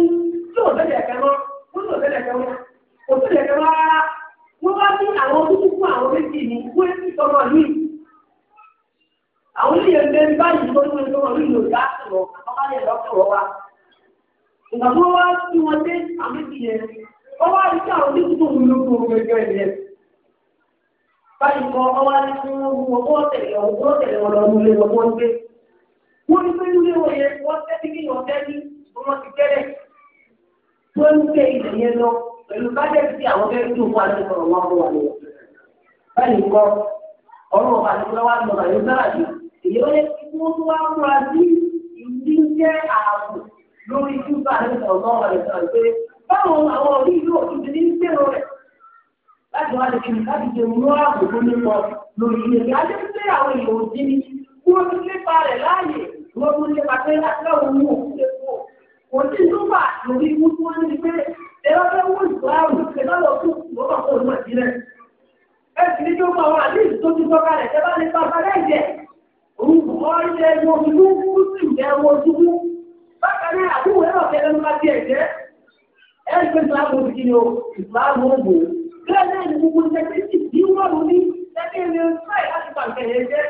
tí ò tẹ́lẹ̀ ẹ̀kẹ́ mọ́ wọ́n tí ò tẹ́lẹ̀ ẹ̀kẹ́ mọ́ kò tẹ́lẹ̀ ẹ̀kẹ́ mọ́ rárá wọ́n wá ní àwọn dúdú fún àwọn méjì ní wọ́n ti tọrọ ní. àwọn ilé ẹgbẹ́ báyìí ní ìlú ìyá wa. ìgbà wá báyìí kan ọwọ́ ní kí wọ́n mú ọgbọ́n tẹ̀lé ọgbọ́n tẹ̀lé wọn lọ mú ilé wọn wọ́n gbé. wọ́n ní pé nílé wọn yẹn wọ́n tẹ́tí kí wọ́n tẹ́tí wọ́n ti tẹ́lẹ̀. wọ́n ń gbé ilẹ̀ yẹn lọ pẹ̀lú bájẹ́tì tí àwọn fẹ́ẹ́ tún fún àti ọ̀rọ̀ wọn bọ̀ wà lọ. báyìí kan ọ̀rọ̀ ọ̀bà ti lọ́wọ́ àti ọ̀rọ̀ yóò sára jù èyí ó yẹ kí wọ́n tún wá múra sí ìdí jẹ́ ààbò lórí láti wá lè kí ni láti jẹ òun lọ́wọ́ àgbègbè nípa lórí ilé rẹ̀. Adé ń pé àwọn èèyàn ò dín ní wọ́n tún lépa rẹ̀ láàyè wọ́n tún lépa pé láwọn ohun òkú lè kú. Kò sí nígbà lórí ikú tí wọ́n ní pé ẹ̀rọ fẹ́ wọ́n ìgbà àrùn ìṣẹ̀dá lọ fún ìgbọ́kàn fún òun àti Ẹ sì ní kí ó mọ àwọn àdéhùn tó ti gbọ́ kalẹ̀ tẹ́ bá lè pa padà ìjẹ́. Òun kọ́ ilé ẹni omi ló ń kú sí ìjẹ́ wọn bẹ́ẹ̀ náà ni gbogbo ìtẹ́kẹ́sì bí wọ́n mú ní ẹgbẹ́ ilé ṣáì láti bá nǹkan yẹn jẹ́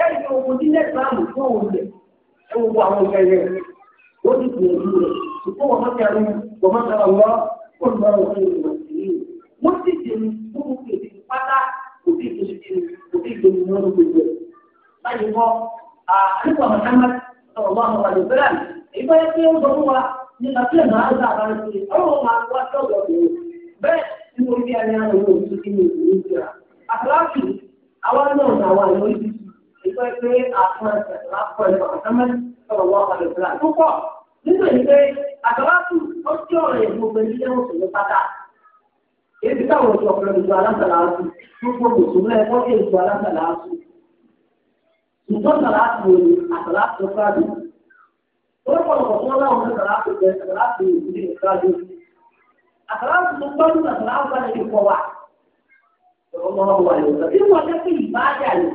ẹ̀rí ogun ní lẹ́gbàámù fún òun rẹ̀ ẹ wo àwọn nǹkan yẹn ó ti gbìyànjú rẹ̀ ṣùgbọ́n wọ́n máa kẹrin wọ́n máa kẹrin lọ kó lọ òun rẹ̀ wọ̀ sí i wọ́n ti dèmi fún òkèèrè pátá kò tí ì kò tí ì dèmi wọn ló gbogbo ẹ̀ láyé kọ́ àdúgbò Muhammad sọ̀rọ̀ bá wọn wàlú bẹ́ẹ̀ ìgbà yẹn tí ó dọ̀ fún wa ní àfihàn náà ó dà bá ń ṣe ọ̀rọ̀ máa wá sọ̀rọ̀ bẹ́ẹ̀ nínú orí ayé àwọn ọmọ òbí nínú ìlú ìjọra. Àtàlákì àwọn náà ní àwọn àyọ̀ ìdí ìpẹ́ pé àwọn àtàlá pọ̀ ẹ̀fọ́ àtàmẹ́ sọ̀rọ̀ wọn àlọ́ ìgbà tó pọ̀. Nígbà yìí pé àtàlákì ó tí ọ̀rọ̀ ẹ̀ gbogbo ẹni jẹ́ òṣèlú ló pátá. Èyí táwọn oṣù ọ̀pọ̀lọpọ̀ ìjọ alásàlá àtù gbogbo òṣèlú ẹ̀ wọ́n dé ìjọ alásàlá àtù. Ìjọ́ sàlátì òní àkàràwọ̀ tó tọ́jú àkàràwọ̀ bá lè kọ́ wa. Ọlọ́run wà lè sọ. Bí wọ́n jẹ́ pé ìbáàdà lè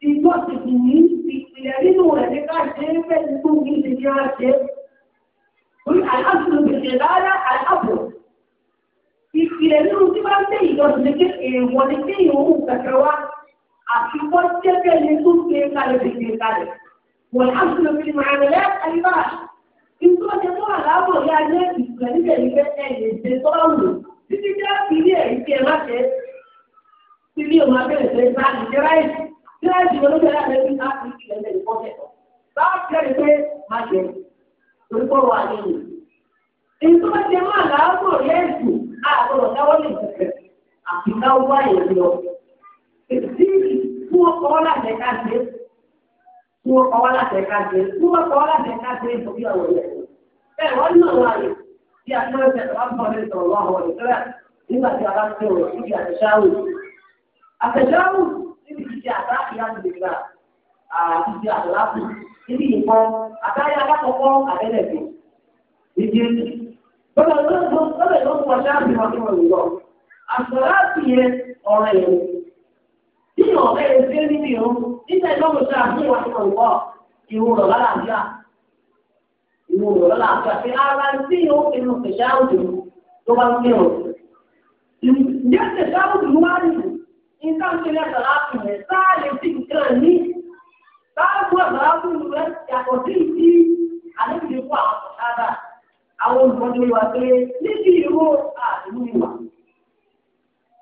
ti gbọ́ tètè ní ìpìlẹ̀ nínú rẹ̀ ní ká ṣe é fẹ́ tó ní ìdí ní á ṣe. Orí àlásùn gbèsè lára àlábò. Ìpìlẹ̀ nínú tí bá ń tẹ̀ ìjọsìn ní pé èèwọ̀ ni pé ìhòòhùn kẹ̀kẹ́ wa àti jẹ́ pé tó ń gbé kalẹ̀ gbèsè kalẹ̀. Wọ́n á Ìtọ́ ṣe tó àlábọ̀ ní ayé ìgbà níbẹ̀ ní pé ẹ̀yìn ṣe tọ́ọ̀lù títí tí wọ́n fi ní ẹ̀yìn tí ẹ má ṣe tí ní òun abẹ́rẹ́ ṣe bá ìṣe ráìsì tí ráìsì wọn ló jẹ́ láti ẹbí ká fi ìṣẹ̀lẹ̀ lẹ́yìn pọ́kẹ̀ tọ̀. Báwo ṣe rí pé má jẹ orúkọ wa ní ìlú. Ìtọ́ ṣe máa láàbọ̀ ní ẹ̀sùn àgbọ̀dọ̀ dáwọ́ lè jẹ̀fẹ̀ àfi káwọ́ àyè lọ. fún ọkọ̀ ọ̀làjẹ̀ká ṣe é tí wọ́n kọ́ wá láti ẹ̀ka ṣe tí wọ́n kọ́ wá láti ẹ̀ka ṣe ìtòkí àwọn ilẹ̀. bẹ́ẹ̀ wọ́n ní àwọn àyè tí a fẹ́ fẹ́ wá bọ̀ ní sọ̀rọ̀ wá wọ̀ nígbà nígbà tí a bá ti rò síbi àtẹ̀sáwò. àtẹ̀sáwò níbi ìṣe àtàkì láti lè gbà àtìṣe àtàlápù níbi ìbọn àtàyè alákọ̀ọ́kọ́ àtẹ́lẹ̀kẹ̀ níbi ètò. bọ́lá ló ń bọ́ yàn ọ̀rẹ́ rẹ̀ dé níbi ìrún nígbà ìlọ́wọ́ sí àfihàn wà nínú ìwọ ìwọ rọ̀ lálàáfíà ìwọ rọ̀ lálàáfíà pé ara tí yóò fi nu àwùjọ tó bá ń gbé ọ̀. Ǹjẹ́ kẹ̀kẹ́ àwùjọ wá nìyí? Nǹkan ń kiri àgbàlá fún rẹ̀ sáà lè fi nǹkan ní. Sáà fún àgbàlá fún rẹ̀ yàtọ̀ sí ìdí àlejò fún àwọn ọ̀ṣáda. Àwọn olùkọ́ni wa pé níbi ìró àdúgbò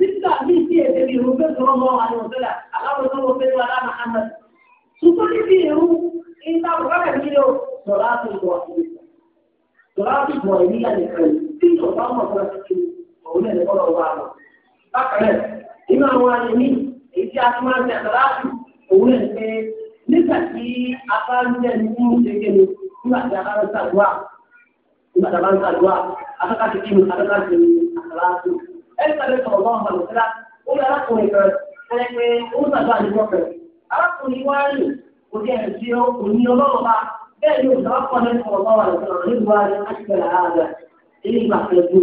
nígbà míì sí èdè bíi irun bẹ́ẹ̀ sọ̀rọ̀ mọ́ àwọn ọ̀sẹ̀lẹ̀ aláwọ̀sọ wo fẹ́ wà láàmú ahmed ṣùgbọ́n níbi irun ìta bùkátà mi yóò sọ̀rọ̀ àti ìwọ̀ sọ̀rọ̀ àti ìwọ̀ ìníyà nìkan tí ìjọba ọmọ kan ti tu òun lè kọ́ lọ́wọ́ àlọ́. bákan náà nínú àwọn àyẹ̀mí èyí tí a ti máa ń tẹ̀ sọ̀rọ̀ àti òun lè pé nígbà tí a bá ń jẹ́ nínú ṣẹ́gẹ́ mi ẹ̀sán lẹ́sọ̀rọ̀ lọ́wọ́ àwọn ọ̀sẹ̀ ó lọ arákùnrin kan ẹni pé ó ń sàgbà àdúgbò rẹ̀ arákùnrin wá rè kò ní ẹ̀sìn tí ó kò ní ọlọ́run bá bẹ́ẹ̀ ni òṣèlú akọ́ni lẹ́sọ̀rọ̀ lọ́wọ́ àwọn ọ̀sẹ̀ nílùú wa ni a ti bẹ̀rẹ̀ àádọ́ ilé ìgbà kẹjú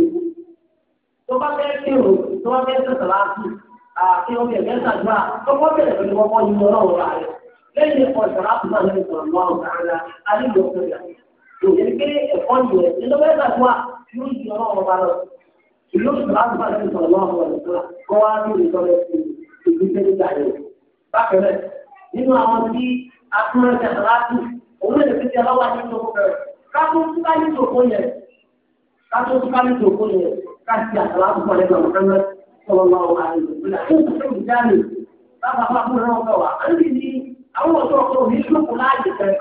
tó bá fẹ́ kírun tó bá fẹ́ sọ̀tọ̀ láti àti omi ẹ̀gẹ́ sàgbà tó bá bẹ̀rẹ̀ pẹ̀lú ọkọ̀ yìí ọlọ́run rà rẹ̀ lẹ́yìn ẹ̀kọ́ ìṣọ̀rọ̀ àtúntà lẹ́yìn sọ̀rọ̀ lọ́wọ́ ìlú ìlànà ti sọ̀rọ̀ lọ́wọ́ ọ̀rọ̀ ìtura kọ́ wá ní ìtọ́lẹ̀ ìlú tẹ́lẹ̀ jáde. Bákan náà, nínú àwọn tí akúnrẹ́ jàdá láti òun lè fi jẹ lọ́wọ́ àti ìṣòro bẹ̀rẹ̀. Káàtó túká ní ìṣòro yẹn. Káàtó túká ní ìṣòro yẹn. Káàtì àtàlà àkùkọ rẹ̀ gbọ̀n kẹ́mẹ́ sọ̀rọ̀ lọ́wọ́ àti ìṣòro. Fún ìṣòro jáde, bàbá bá kúrò náà fẹ́ wà. Àyè ni àwọn ọ̀ṣọ́ ọ̀ṣọ́ òní ṣòkò láàyè fẹ́.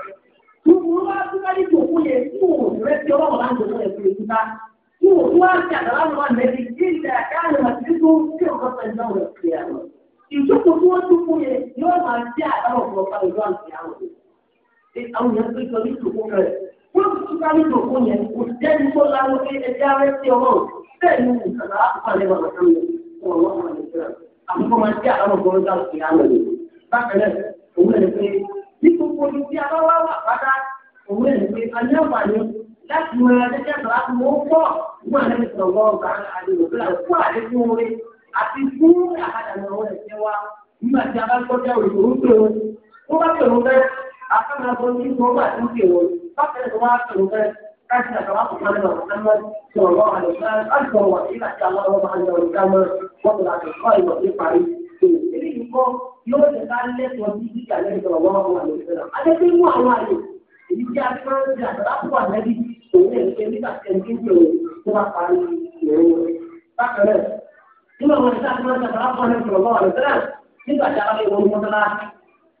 Tùkùrù wá túká ní ìṣòro yẹn tí òun rẹ̀ ti ọlọ́wọ́ láti ìṣòro yẹn fi tí wò tó wá sí àgbàlá lọ́wọ́ àmẹ́bí tí ìgbà káàlù àti tó tí ò kọ́ pẹ̀lú náà lọ́wọ́ sí àwọn. ìjókòó tí wọ́n tún fún yẹn yóò máa jẹ́ àdáwọ̀ fún ọba ìlú àti àwọn. àwọn yẹn tó jọ ní ìjókòó rẹ̀ wọ́n ti túká ní ìjókòó yẹn kò jẹ́ni tó láwọ pé ẹja rẹ̀ sí ọmọ bẹ́ẹ̀ ni ìgbàlá àkọ́lẹ̀ wà lọ́wọ́ àwọn ọmọ ìgbà láti mọ ẹgbẹ́ sọ̀rọ̀ àti wọ́n pọ̀ wọ́n àlẹ́ sọ̀rọ̀ wọ́n ọ̀gá àdéhùn fún àdéhùn orí àti fún àkàdàmọ̀ ọ̀rẹ́ ẹ̀ṣẹ̀ wa nígbà tí a bá gbọ́dọ̀ òyìnbó ń pè wọn bá wọn bẹ́ẹ̀ afẹ́nà bọ́ ní ìgbọ́n wà ní wọn bá tó wá pè wọn bẹ́ẹ̀ káàkiri àtàwọn àkùnrin náà lọ́wọ́ sọ̀rọ̀ wọ́n àlẹ́ sọ̀rọ̀ wọ́n àlẹ́ sọ̀rọ̀ sọ̀rọ̀ sọ̀rọ̀ wọ́n àlẹ́ àwọn àlejò náà. Adé àwọn àlè èyí tí òun ẹ̀ ṣe nígbà tẹ̀sí ní òun tó bá parí ìrìn rẹ̀. Bákan náà, nínú àwọn ìṣe àti wọn ṣàkàrà fún ọ̀rẹ́ sọ̀rọ̀ lọ́wọ́ àlùfẹ́ náà nígbà tí a bá lè wọ́n mọ́tàláṣí.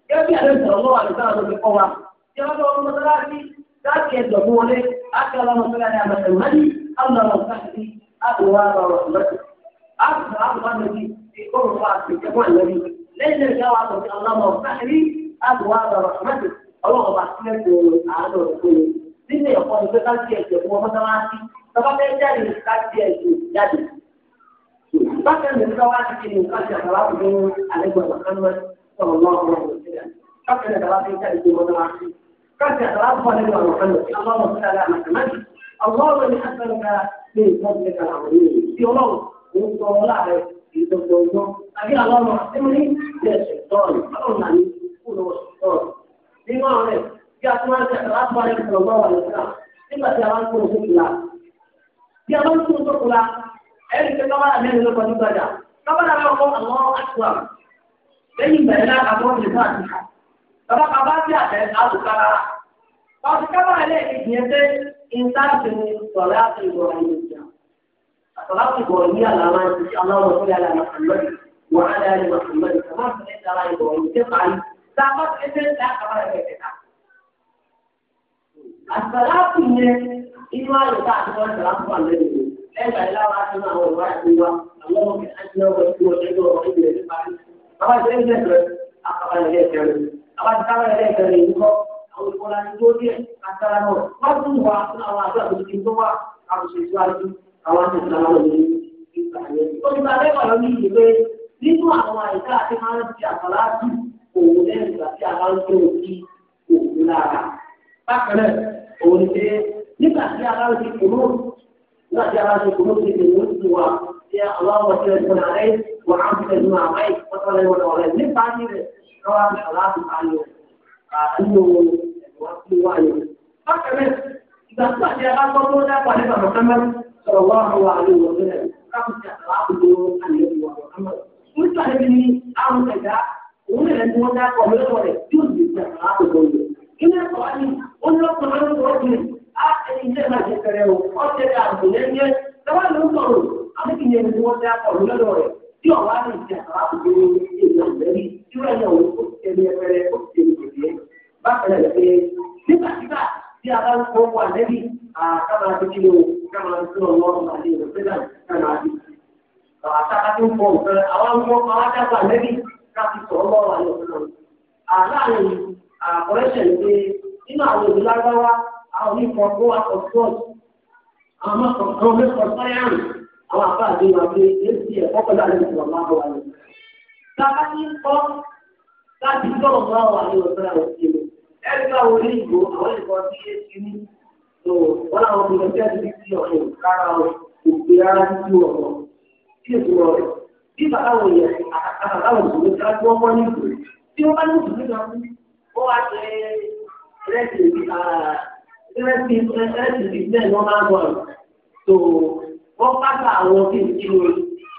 Gẹ́gẹ́ bí àlẹ́ sọ̀rọ̀ lọ́wọ́ àlùfẹ́ náà ló fi kọ́ wa. Tí a bá lọ́wọ́ mọ́tàláṣí, láti ẹ̀dọ̀ fún wọlé, láti ọlọ́run fẹ́lẹ́ ní àbẹ̀tẹ̀ mọ́lì, ọlọ́run káàkiri, àbúwá ọ̀rọ̀ lọ́sẹ̀. Àbùsọ̀ àbùwá lórí ìkóró fún àtìkẹ́kọ̀ọ́ ìlọ́rí. Lẹ́yìn náà ìyá wa sọ̀rọ̀ ọlọ́run káàkiri, àbúwá ọ̀rọ̀ lọ́sẹ̀. Ọlọ́run bá sílẹ̀ kò àádọ́ ìkóró nínú ẹ̀kọ́ ni pé ká ti ẹ̀jẹ̀ fún ọmọ náà sí tọ́ba fẹ́ jáde ká ti ẹ̀jẹ̀ jáde. bákan ní tọ́ba ti kiri nǹkan ti àtàlà fún àlẹ́gbọ̀n mọ̀kánmọ́ sọ̀rọ̀ náà fún ọmọ ìṣẹ̀lẹ̀ bákan ní tọ́ba fẹ́ jáde fún ọmọ náà sí ká ti àtàlà fún àlẹ́gbọ̀n mọ̀kánmọ́ ọlọ́run fún àlẹ́ àmàkàmáyì ọlọ́run ní àtàlùkà ní ìfọ̀nìkà àwọn ènìyàn tí ọlọ́run ń sọ ọlá rẹ̀ ìdọ̀gbọ̀gbọ̀ àbí àlọ́run àtẹ́mọ́lé ní ẹ̀sẹ̀ tọ́ọ̀nù ọlọ́run náà ní kúrò ọ̀sẹ̀ tọ́ọ̀nù nínú àwọn ẹ̀sẹ̀ bí a tún máa ń ṣe àtàlà àtúwà lẹ́yìn ìṣòro lọ́wọ́ rẹ̀ sílá nígbà tí a máa ń kúrò tó kula. bí a máa ń kúrò tó kula ẹ̀rí pé kábàlà mẹ́rin ló kọjú gbàjà kábàlà náà kọ́ àwọn àtúwà lẹ́yìn ìbẹ̀rẹ̀ náà ìntàkì ni sọ̀rọ̀ àti ìgbọ̀ràn ìjà àtàlà àti ìgbọ̀ràn yìí àlàmà ti aláwọ̀ tó yà lálẹ́ àlọ́dì wàhálà ni màkàmọ́dì kàmá fi ẹ̀ àtàlápù yẹn inú ayọ̀ tá a ti wọ́n àtàlápù wà lẹ́nu rẹ̀ ẹgbà ilá wa ti máa wọ̀ wáyà tó wa àwọn ọmọ kẹta ti náà wọ̀ sí wọn ẹgbẹ́ ọmọ ìbílẹ̀ ní parí. bàbá ìṣe ń bẹ̀rẹ̀ àkàbàlẹ̀ ẹ̀kẹrin bàbá ti sábà ẹ̀rẹ́ ẹ̀kẹrin yìí kọ́ àwọn ìfọ̀lá ti tó díẹ̀ àtàlá náà wọ́n tún wà fún àwọn àdúrà tó ti tó wà àbùsùn ìṣáájú àwọn àti ìṣàlá wọn ní ìgbà yẹn. ó ti bá lẹ́kọ̀ọ́ lọ ní ìwé nínú àwọn àìsá àti máa ń fi àtàlá sí òun lẹ́yìn ìgbà tí a máa ń tó òkú òkú lára bákan náà òun ṣe nígbà tí aláwọ ti kùnú nígbà tí aláwọ ti kùnú ti kùnú ti wà ṣe aláwọ ti rẹ fún àlẹ wà á fi ẹnu àmọ́ ẹ pátá lẹ́nu ọ̀rọ̀ ẹ nípa ní rẹ káwá ní aláàbò ayọ̀ àdúgbò ẹ̀wọ̀n tí wà yọ. bákan náà ìgbà tí àti aláwọ tó dápọ̀ wà á wà ní ìwọ̀n rẹ̀ káwọn ti aláàbò tó àlẹ́ àwọn ẹ̀dá rẹ̀ ni wọ́n dápọ̀ lọ́wọ́ rẹ̀ yóò kíni ẹ̀kọ́ wá ní olókùnrin olókùnrin á ẹni jẹ́ máa ṣe fẹ̀rẹ̀ o ọ̀tẹ̀ ká àbùkù yẹn jẹ́ lọ́wọ́ ló ń sọ̀rọ̀ àbíkìyẹ ni wọ́n dá ọ̀rọ̀ lọ́dọ̀ rẹ̀ tí ọ̀wá ní ìjà àbùkù ìjà ìbẹ̀rẹ̀ tí wọ́n yẹ òun ó ti ẹni ẹgbẹ̀rẹ̀ ó ti ẹni ìgbẹ̀rẹ̀ bákan náà pé nígbàkigbà tí a bá ń kó wà lẹ́bi àkàmà àbíkìyẹ o kàmà àbíkìyẹ ọlọ́run àti ìrọ̀sẹ́dà kàmà àbíkìyẹ àtàkàtì ń pọ̀ nǹkan àkọ́rẹ́sẹ̀ ń pé nínú àwọn òbí lágbáwá àwọn oníkan kó wá ọ̀pọ̀t àwọn mọ̀kànkan mẹ́kàn sáyàrì àwọn àbá àti ìwà pé èsì ẹ̀kọ́ pẹ̀lú àlejò ìwà máa wà ní. Bàbá ti ń kọ́ láti tọ̀rọ̀ máa wà ní ọ̀sán àwọn òsì rẹ̀. Ẹ̀rí bá wo ní ìgò àwọn ìkan tí yé ti ní. Wọ́n láwọn ọmọ ìgbésẹ̀ ti fi ti ọ̀rọ̀ kára òkè ara títí ọ̀rọ̀ tí èso rẹ̀. Bí bàbá wo yẹ àtàkàtà táwọn òṣèlú ká tí ní ìgò tí wọ́n bá ní òṣèlú náà ó wá ṣe rẹ́sì rẹ́sì rẹ́sì bíbẹ́ ni wọ́n máa ń bọ̀ tó wọ́n pàṣẹ àwọn tí ń kí wọn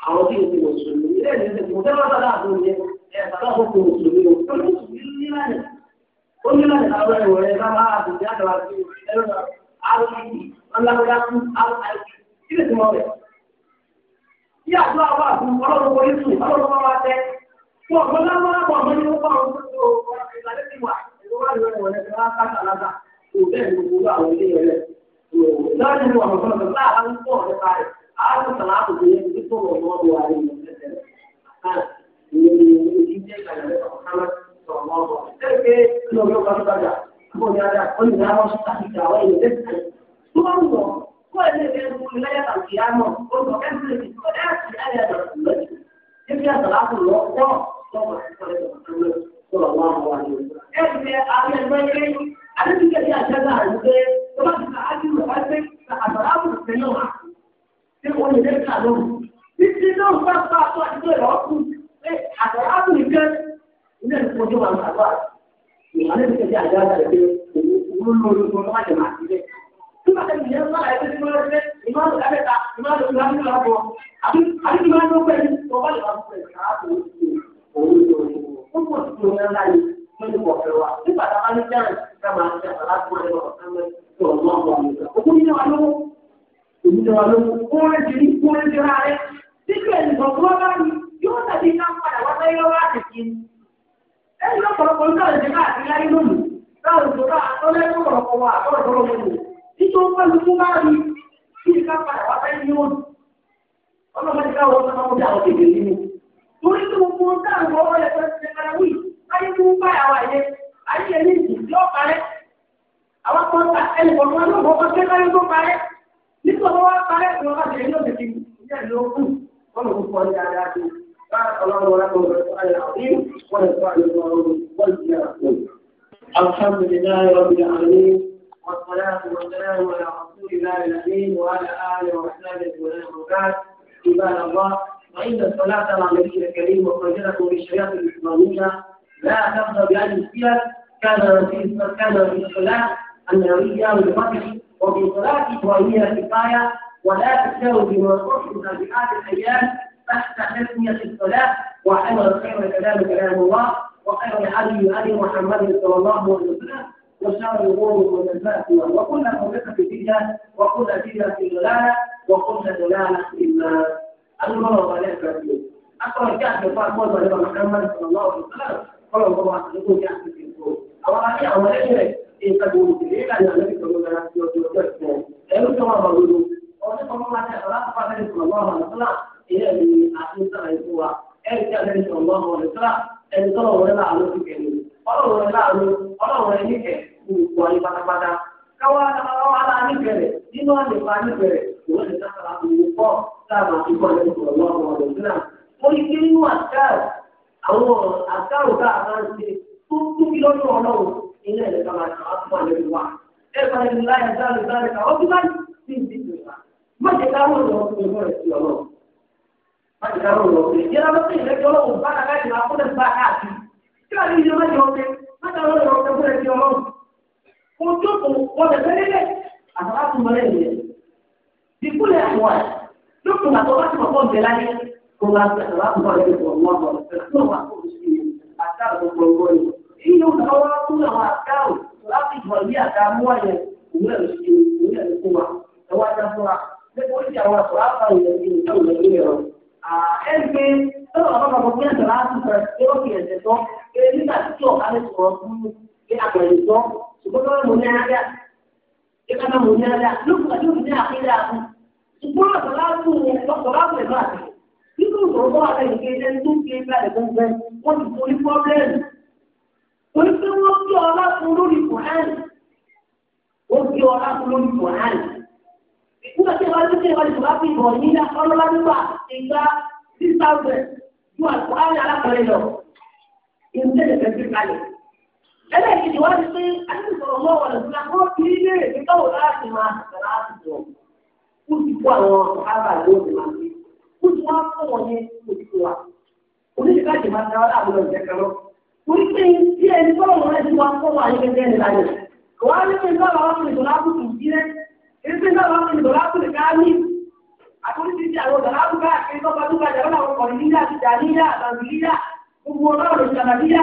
àwọn tí ń kí wọn sùn ní rẹ́sì rẹ́sì mo fẹ́ wọ́n bàbá àbúrò yẹn ẹ̀ bàbá àbúrò kò sùn ní o ó ní sùn ní nílànà ó nílànà àwọn ẹ̀rọ rẹ̀ bàbá àbùdí àdàlà sí ẹ̀rọ rip ọ̀làwọ̀lá fún rip kí lè tún wọ́n bẹ̀. bí àdúrà wà fún ọlọ́run kò ní sùn ọlọ́run wà wá tẹ́ wọ́n kọ́ láwọn àpò àmọ́ ní wọ́n bá wọn ìgbàlẹ́ Ebi àtàlà kò lọ́wọ́ lọ́wọ́ ẹ̀ sọ̀rọ̀ ẹ̀ sọ̀rọ̀ wọn àwọn àjọ. Ẹ ti ṣe àti ẹgbẹ́ ilé, àdébíkẹ́ ti àjẹ́gbà àrùgbé, tó bá ti ta ájú rẹ̀ wáyé ta àbàrà àbùrù fẹ́ náà wà. Ṣé wọ́n lè lẹ́ka lóhùn? Títí náà bá bá aṣọ àdúgbò rẹ̀ ọkùn pé àbàrà àbùrù kẹ́ ilé ìfowópamọ́ tó wà ní àgbà. Ìwà àdébíkẹ́ ti àjẹ́gbà rẹ̀ pé òun ló lórí fún ọmọdé máa ti lẹ̀. Nígbà tí ìyẹn ń bá ẹgbẹ́ tí wọ́n lọ sílẹ̀, ìmọ̀ àlọ́ ìdábẹ́ta, ìmọ̀ àlọ́ púpọ̀ sí òun náà láyé lórí ọ̀fẹ́ wa nígbà tá a bá ní jẹ́rìn ká máa ṣe àbá láti máa lọ ọ̀sánlẹ̀ tó ọ̀nà ọ̀gbọ̀n mi. Òkú ní wa lówó, òní ní wa lówó, kó rẹ̀ jẹ́ ní kó rẹ̀ jẹ́ ra rẹ̀. Títí ẹ̀ nìkan tó bá rí yóò tàbí ká padà wá sáyé lọ́wọ́ àti kí. Ẹni lọ́pọ̀lọpọ̀ ń sọ̀rọ̀ ìjẹ́ káàkiri ayé lónìí. Táwọn òṣèlú àtọ́lẹ́ lọ́pọ̀lọpọ̀ wà àtọ́lọ́pọ̀lọpọ̀ lónìí. Nítorí wọ́n lu tó bá rí kí ká padà wá sáyé lónìí. Ọlọ́mọdé káwọn ọmọ torí tí gbogbo táwọn ọmọ rẹ̀ fẹ́ ṣe fẹ́ wí ayé tó ń bá àwọn àyè ayé ẹni ìdí ọ̀parẹ́ àwọn kan ta ẹnì kan wọn yóò fọwọ́ ṣe fẹ́ tó parẹ́ nítorí wọn parẹ́ tí wọn bá ṣe yóò tètè ní ẹ̀lú òkú wọn lò fọ ní ara rẹ̀ bá ọlọ́run wọn lọ́wọ́ rẹ̀ ayé àwọn yìí wọn lè fọ́ àyè wọn wọn lè الحمد لله رب العالمين والصلاة والسلام على رسول الله الأمين وعلى آله وصحبه وسلم عباد الله فإن الصلاة على النبي الكريم وخرجته بالشريعة الإسلامية لا تبدأ بأي سيرة كان في كان في الصلاة النبوية بالفتح وفي صلاة إبراهيم كفاية ولا تكتر بما أحدث في هذه الأيام تحت تسمية الصلاة وحمل الخير كلام كلام الله وخير الهدي هدي محمد صلى الله عليه وسلم وشر الأمور محدثاتها وكل محدثة الدنيا وكل في ضلالة وكل ضلالة في النار الله عليه وسلم أقول جاءت بفعل موضوع لما محمد صلى الله عليه وسلم قال الله عز وجل جاءت في الكون أو أنا أو أنا إن تقول بالليل أن النبي صلى الله عليه وسلم قالوا كما بقولوا وأنا قالوا ما جاء لا أقول صلى الله عليه وسلم إلى أن أحسن ترى يسوع أي جاء النبي صلى الله عليه وسلم أن صلى الله عليه وسلم قالوا ولا قالوا قالوا ولا يمكن وقالوا فتح فتح káwá ara níbẹ̀rẹ̀ nínú àlèfà níbẹ̀rẹ̀ ìwọ́n lè dá ara wò pọ̀ sáàmù àtúkọ̀ lẹ́nu sọ̀rọ̀ lọ́wọ́ ọmọ ọ̀dọ̀ náà. mo ní kí nínú àtàrò àwọn àtàrò tá a máa ń ṣe tó tóbi lọ́dún ọlọ́run ilé ẹ̀ lẹ́ka máa ṣàwọn àtúmọ̀ lẹ́nu wa. ẹ bá ẹni láyà dáre dáre ká ọdún bá ti ń dìbò wa. má jẹ ká wọn lọ fún ẹgbẹ́ rẹ̀ sí ọlọ́run. má jẹ ká wọn lọ fún ẹgbẹ́ rẹ̀ sí ọlọ́run. yẹ ojókòó wọlé fẹ́lẹ́lẹ́ àtàlà tó mọ lẹ́yìn rẹ̀. Dìkúlẹ̀ àwọn ẹ̀ lókun àtọ́ bá ti mọ̀ láyé kó bá ti àtàlà tó mọ̀ lẹ́yìn rẹ̀ wọ́n mọ̀ lọ́wọ́ àwọn akókòsí àtàlà tó mọ̀ lọ́wọ́ yìí. Èyí yóò náà wá fún àwọn àtàlù láti jọ̀ ní àtàmú ayẹ òwúrẹ̀ lọ́sí òwúrẹ̀ ló wa ẹ já fúnra lẹ́kọ̀ọ́ ìjà bàbá bàbá bí ẹ̀sẹ̀ láti sọ̀rọ̀ pé ẹ̀sẹ̀ tán pé nígbà tí ọ̀gá lè sọ̀rọ̀ fún ní àgbẹ̀rẹ̀ tán وكما منادى كما منادى لو كنت في عقيده ṣùgbọ́n àgbàlagbò lọ́kọ̀lágbò ẹ̀ máa tẹ̀. Nínú ìṣòro wà lẹ́yìn kí ẹni tó ń gbé balẹ̀ gbọ̀ngbọ̀n, wọ́n ti forí pọ́blẹ́mù. Torí pé wọ́n gbé ọlá fún lórí Kùránì. Wọ́n gbé ọlá fún lórí Kùránì. Nígbà tí ìwádìí tí ìwádìí tó bá fi bọ̀ ní ọlọ́lá nígbà ìgbà six thousand ju àkùránì alákọ̀ọ́lẹ̀ lọ. Ìmúlẹ̀ ẹlẹ́ẹ̀kejì wá ní pé àyẹ̀sọ̀rọ̀ mọ́ wọn lọ́sùn náà wọ́n fi ilé ìwé káwọ́ láti máa sọ̀rọ̀ láti jọ kó ti kó àwọn ọ̀hábà lóde máa gbé kó ti wá fún wọn yẹn kó wa oníṣẹ́ká ti máa dáwọ́ láàbò lọ ìjẹ́kẹ́ lọ. torí pé tí ẹni tọ́lọ̀ wọn ti wá fún wa yẹn gẹ́gẹ́ ní láyé wọ́n á ní pé tọ́lọ̀ wọn fi ìdọ̀lá kù kìí jílẹ̀ èyí pé tọ́lọ̀ wọn fi ìdọ̀lá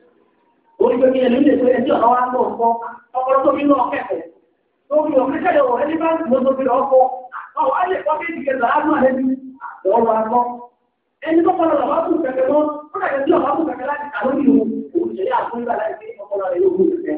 orí pé kíni ẹlòmíì lè pé ẹjọ́ ọ̀rọ̀ wa ń bọ̀ nǹkan ọpọlọ tó fi ń kẹ́kọ̀ọ́ tó fi ọ̀kẹ́ kẹ́lẹ́ wọ̀ ẹni bá ń gbọ́ tó fi lọ kọ́ àwọn alẹ́ kọ́ bí ìdíje lọ ánú alẹ́ bí wọ́n wá kọ́ ẹni tó kọ́lọ́ lọ́wọ́ kù kẹ̀kẹ́ mọ́ ó dàgbẹ́ tí ọ̀rọ̀ kù kẹ̀kẹ́ láti kàló ní òun òṣèré àkúnlá láti ọpọlọ rẹ̀ yóò kú kẹ̀kẹ́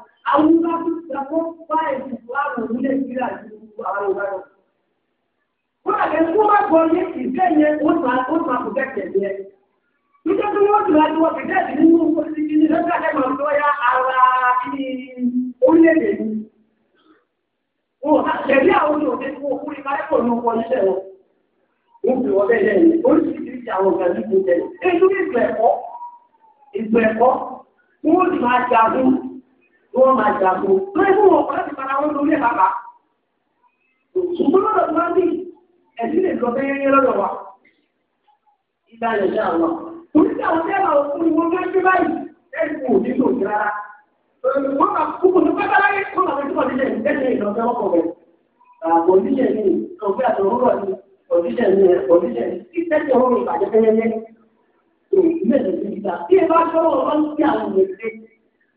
Àwùjọ tó ṣàkó bá ẹ̀sìn ìsìláàmù nílẹ̀ ìgbéra ju àwọn ọ̀gá lọ. Wọ́n àgbẹ̀ tó bá gbọ́ yé ìgbé yẹn ó sàn ó sàn kò kẹ̀kẹ́ yẹ. Nígbà tó wọ́n ti láti wọ́n kẹ̀kẹ́ sí nínú ìdílé lọ́sẹ̀ àdẹ́gbọ̀n tó yá ara ní orílẹ̀-èdè yìí. Wọ́n àgbẹ̀bí àwọn oṣù òde fún okùn ìkárẹ́kọ̀ọ́ ní ọkọ̀ níṣẹ́ wọn. Wọ́n fi wọ́n bẹ́ẹ̀ lẹ́yìn oríṣiríṣi àwọn ọ̀gá ní ìgbésẹ̀ wọ́n máa jàgbó lórí fún wọn láti fara wọn lórí ẹ̀ bàbá. ṣùgbọ́n lọ́dọ̀ tó bá ń bí ẹ̀sìn lè lọ bẹ́ẹ̀ lọ́dọ̀ wa. ìgbà yẹn ṣe àwọn. oníṣẹ́ àwọn tẹ́ àwọn òkú ni wọ́n fẹ́ gbé báyìí ẹ̀sìn kò ní lò ní rárá. wọ́n máa kúkú ní pẹ́ bára yẹn wọ́n máa fi túbọ̀ níṣẹ́ ẹ̀sìn ìlọ́fẹ́ wọ́pọ̀ rẹ̀. àpòjíṣẹ́ ni ọ̀gbẹ́ àtọ̀rọ̀ ni ọ̀jíṣẹ́ ni ọ̀jíṣẹ́ ni kí tẹ́tẹ̀ wọ́n mi ìbàjẹ́ fẹ́yẹ́yẹ́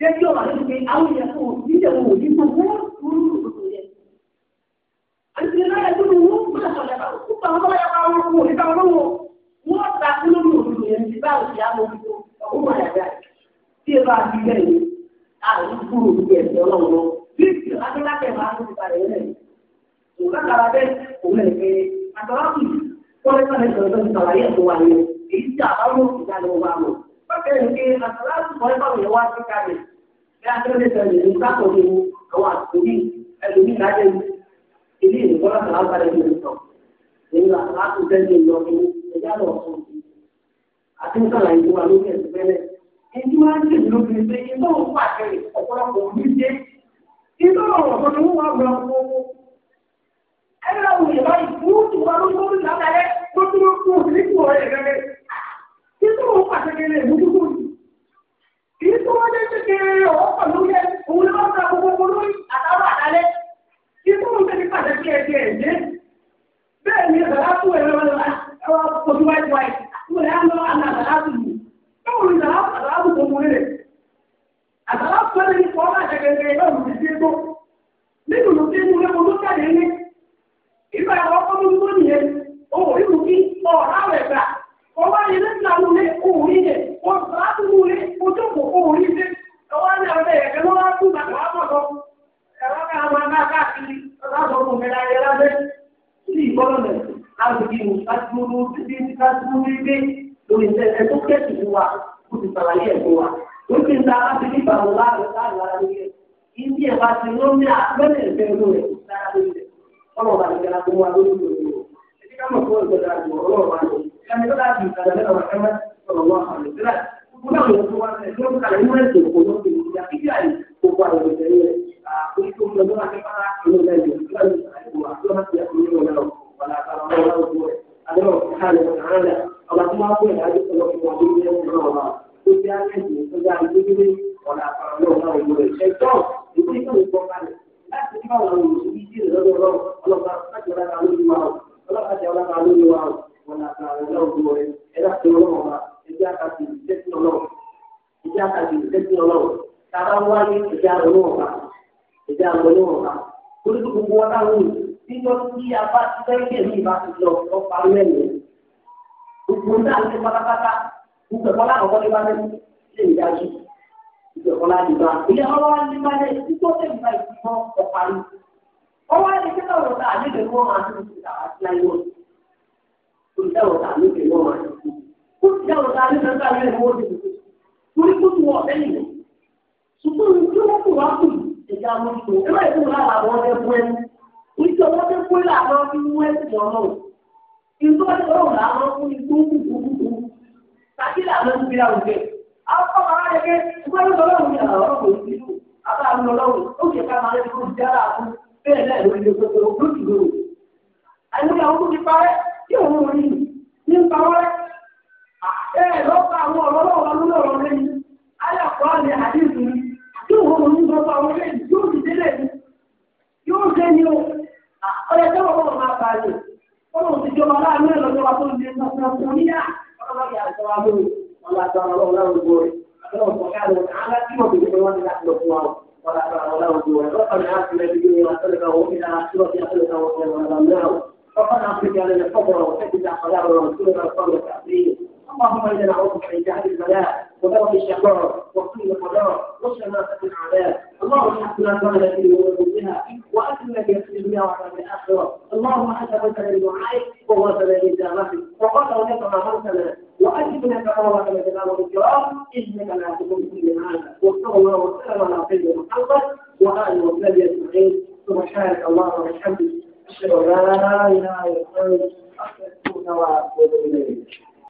gẹ́gẹ́ ọ̀rọ̀ àti pé àwọn èèyàn kò níjẹ̀ wò ní gbogbo wọn lórí òkòtò yẹn. àti pé láyé tó ní wọn gbọ́dọ̀ sọ̀rọ̀ yàrá wọn kó àwọn ọlọ́yà bá wọn kó nípa wọn lọ́wọ́ wọn ta sí lórí òkòtò yẹn ti bá òkè àwọn òkòtò ọ̀hún wọn yàrá tí ẹ bá ti bẹ́ẹ̀ ni àwọn kúrò ní ẹ̀sẹ̀ ọlọ́run lọ bí adúlákẹ́ máa ń kópa rẹ̀ lẹ́yìn òun lágbára bákan ní pé àtàlásù kan ẹgbẹ́ òye wá sí kalẹ̀ ní akérèdè tẹ̀lé ní sákòlè àwọn àtòlí ẹlòmí ìdájẹ́ ilé ìdìbò láti lágbàdé ní ìtọ́ èyí àtàlásù tẹ̀lé lọ ní ẹ̀yà lọ sùn àti nítorí àyè wa lórí ẹ̀sìn bẹ́lẹ̀ èyí máa ń tẹ̀lé lóbi pé iná òun pàṣẹ ọ̀pọ̀lọpọ̀ òbí dé iná ọ̀pọ̀ ni wọ́n wá gbọ́ ẹ̀rọ òye báyìí fún ìwà lórí lórí lágbàdé tó dúró fún òbí kí tó wọ́n pàṣẹ kéré ìmúdúgbò yìí kì í tó wọ́n jẹ́ ṣe kéré ọ̀pọ̀ lórí ẹ̀ òun ni wọ́n ta gbogbo lórí àtàwọn àdálẹ́ kí tó wọ́n jẹ́ pàṣẹ kéré kéré ẹ̀ bẹ́ẹ̀ ni bàbá tó ẹ̀rọ ẹ̀rọ kojú wáyé wáyé mo lè lọ àná bàbá tó yìí báwo ni bàbá bàbá tó gbogbo rẹ̀ àbàbá tó ẹ̀rọ ní kọ́ dúró déédéé lórí ìṣẹ̀lẹ̀ tó kẹ́sì fún wa kó ti sàlàyé ẹ̀kọ́ wa. ó ti ń ta bá ti nípa àwọn láàrin láàrin ara lórí rẹ̀. ìdí ẹ̀ bá ti lómi àgbẹ̀lẹ̀ ìfẹ́ lórí rẹ̀ lára lórí rẹ̀. ọlọ́run àti ìjọba tó wà lórí rẹ̀. 打下来过，不知道我打没给过吗？不知道我打没能打没我就是，所以不是我的理由。ṣùgbọ́n ní kí wọ́n kò wá kù ẹ̀já wọn tó ẹ̀rọ ìdúró lára àwọn ọdẹ fún ẹni nítorí wọ́n fẹ́ pé làwọn fi mú ẹ̀sìn ọ̀nà o ìgbọ́ ìgbọ́ràn làwọn fún igbó kúkúkú tàbí làwọn fi ra òkè àwọn ọmọ ara rẹ̀ kẹ́ ìgbọ́ ìgbọ́ràn ní àwọn ọ̀rọ̀ kò sí lù àbá àwọn ọlọ́run ó ṣe ká máa ń kó jára fún bẹ́ẹ̀ náà ló ń lè kókó lóṣù lóru. àìmọye àwọn tó ti parẹ́ tí òun ò rí ní ń parọ́ rẹ̀. ẹ lọ́pọ̀ àwọn ọ̀rọ̀ ọrụ lórí ọ̀rọ̀ rẹ̀ ni ayàpọ̀ àlẹ́ àdéhùn tí òun ò ní yóò ti yóò dé o. ọ̀rẹ́ tẹ́wọ̀ bọ̀ máa bà lè láàánú wa tó ń fún níyà yà sọ wa ربنا اخرج علينا الصبر وسدد اقدامنا وانصرنا القول التعظيم اللهم انا نعوذ بك من جهل البلاء وبرد الشقاء وسوء القضاء وشماتة العذاب اللهم حسنا التي في بها الذي في بها وعذاب الاخره اللهم انت قلتنا بدعائك ووصلنا لاجابتك وقال لك ما ارسلنا واجبنا كما من جلال الكرام انك لا تكون كل معنا وصلى الله وسلم على سيدنا محمد واله وسلم اجمعين سبحانك اللهم وبحمدك أشهد أن لا إله إلا الله أستغفرك وأتوب إليك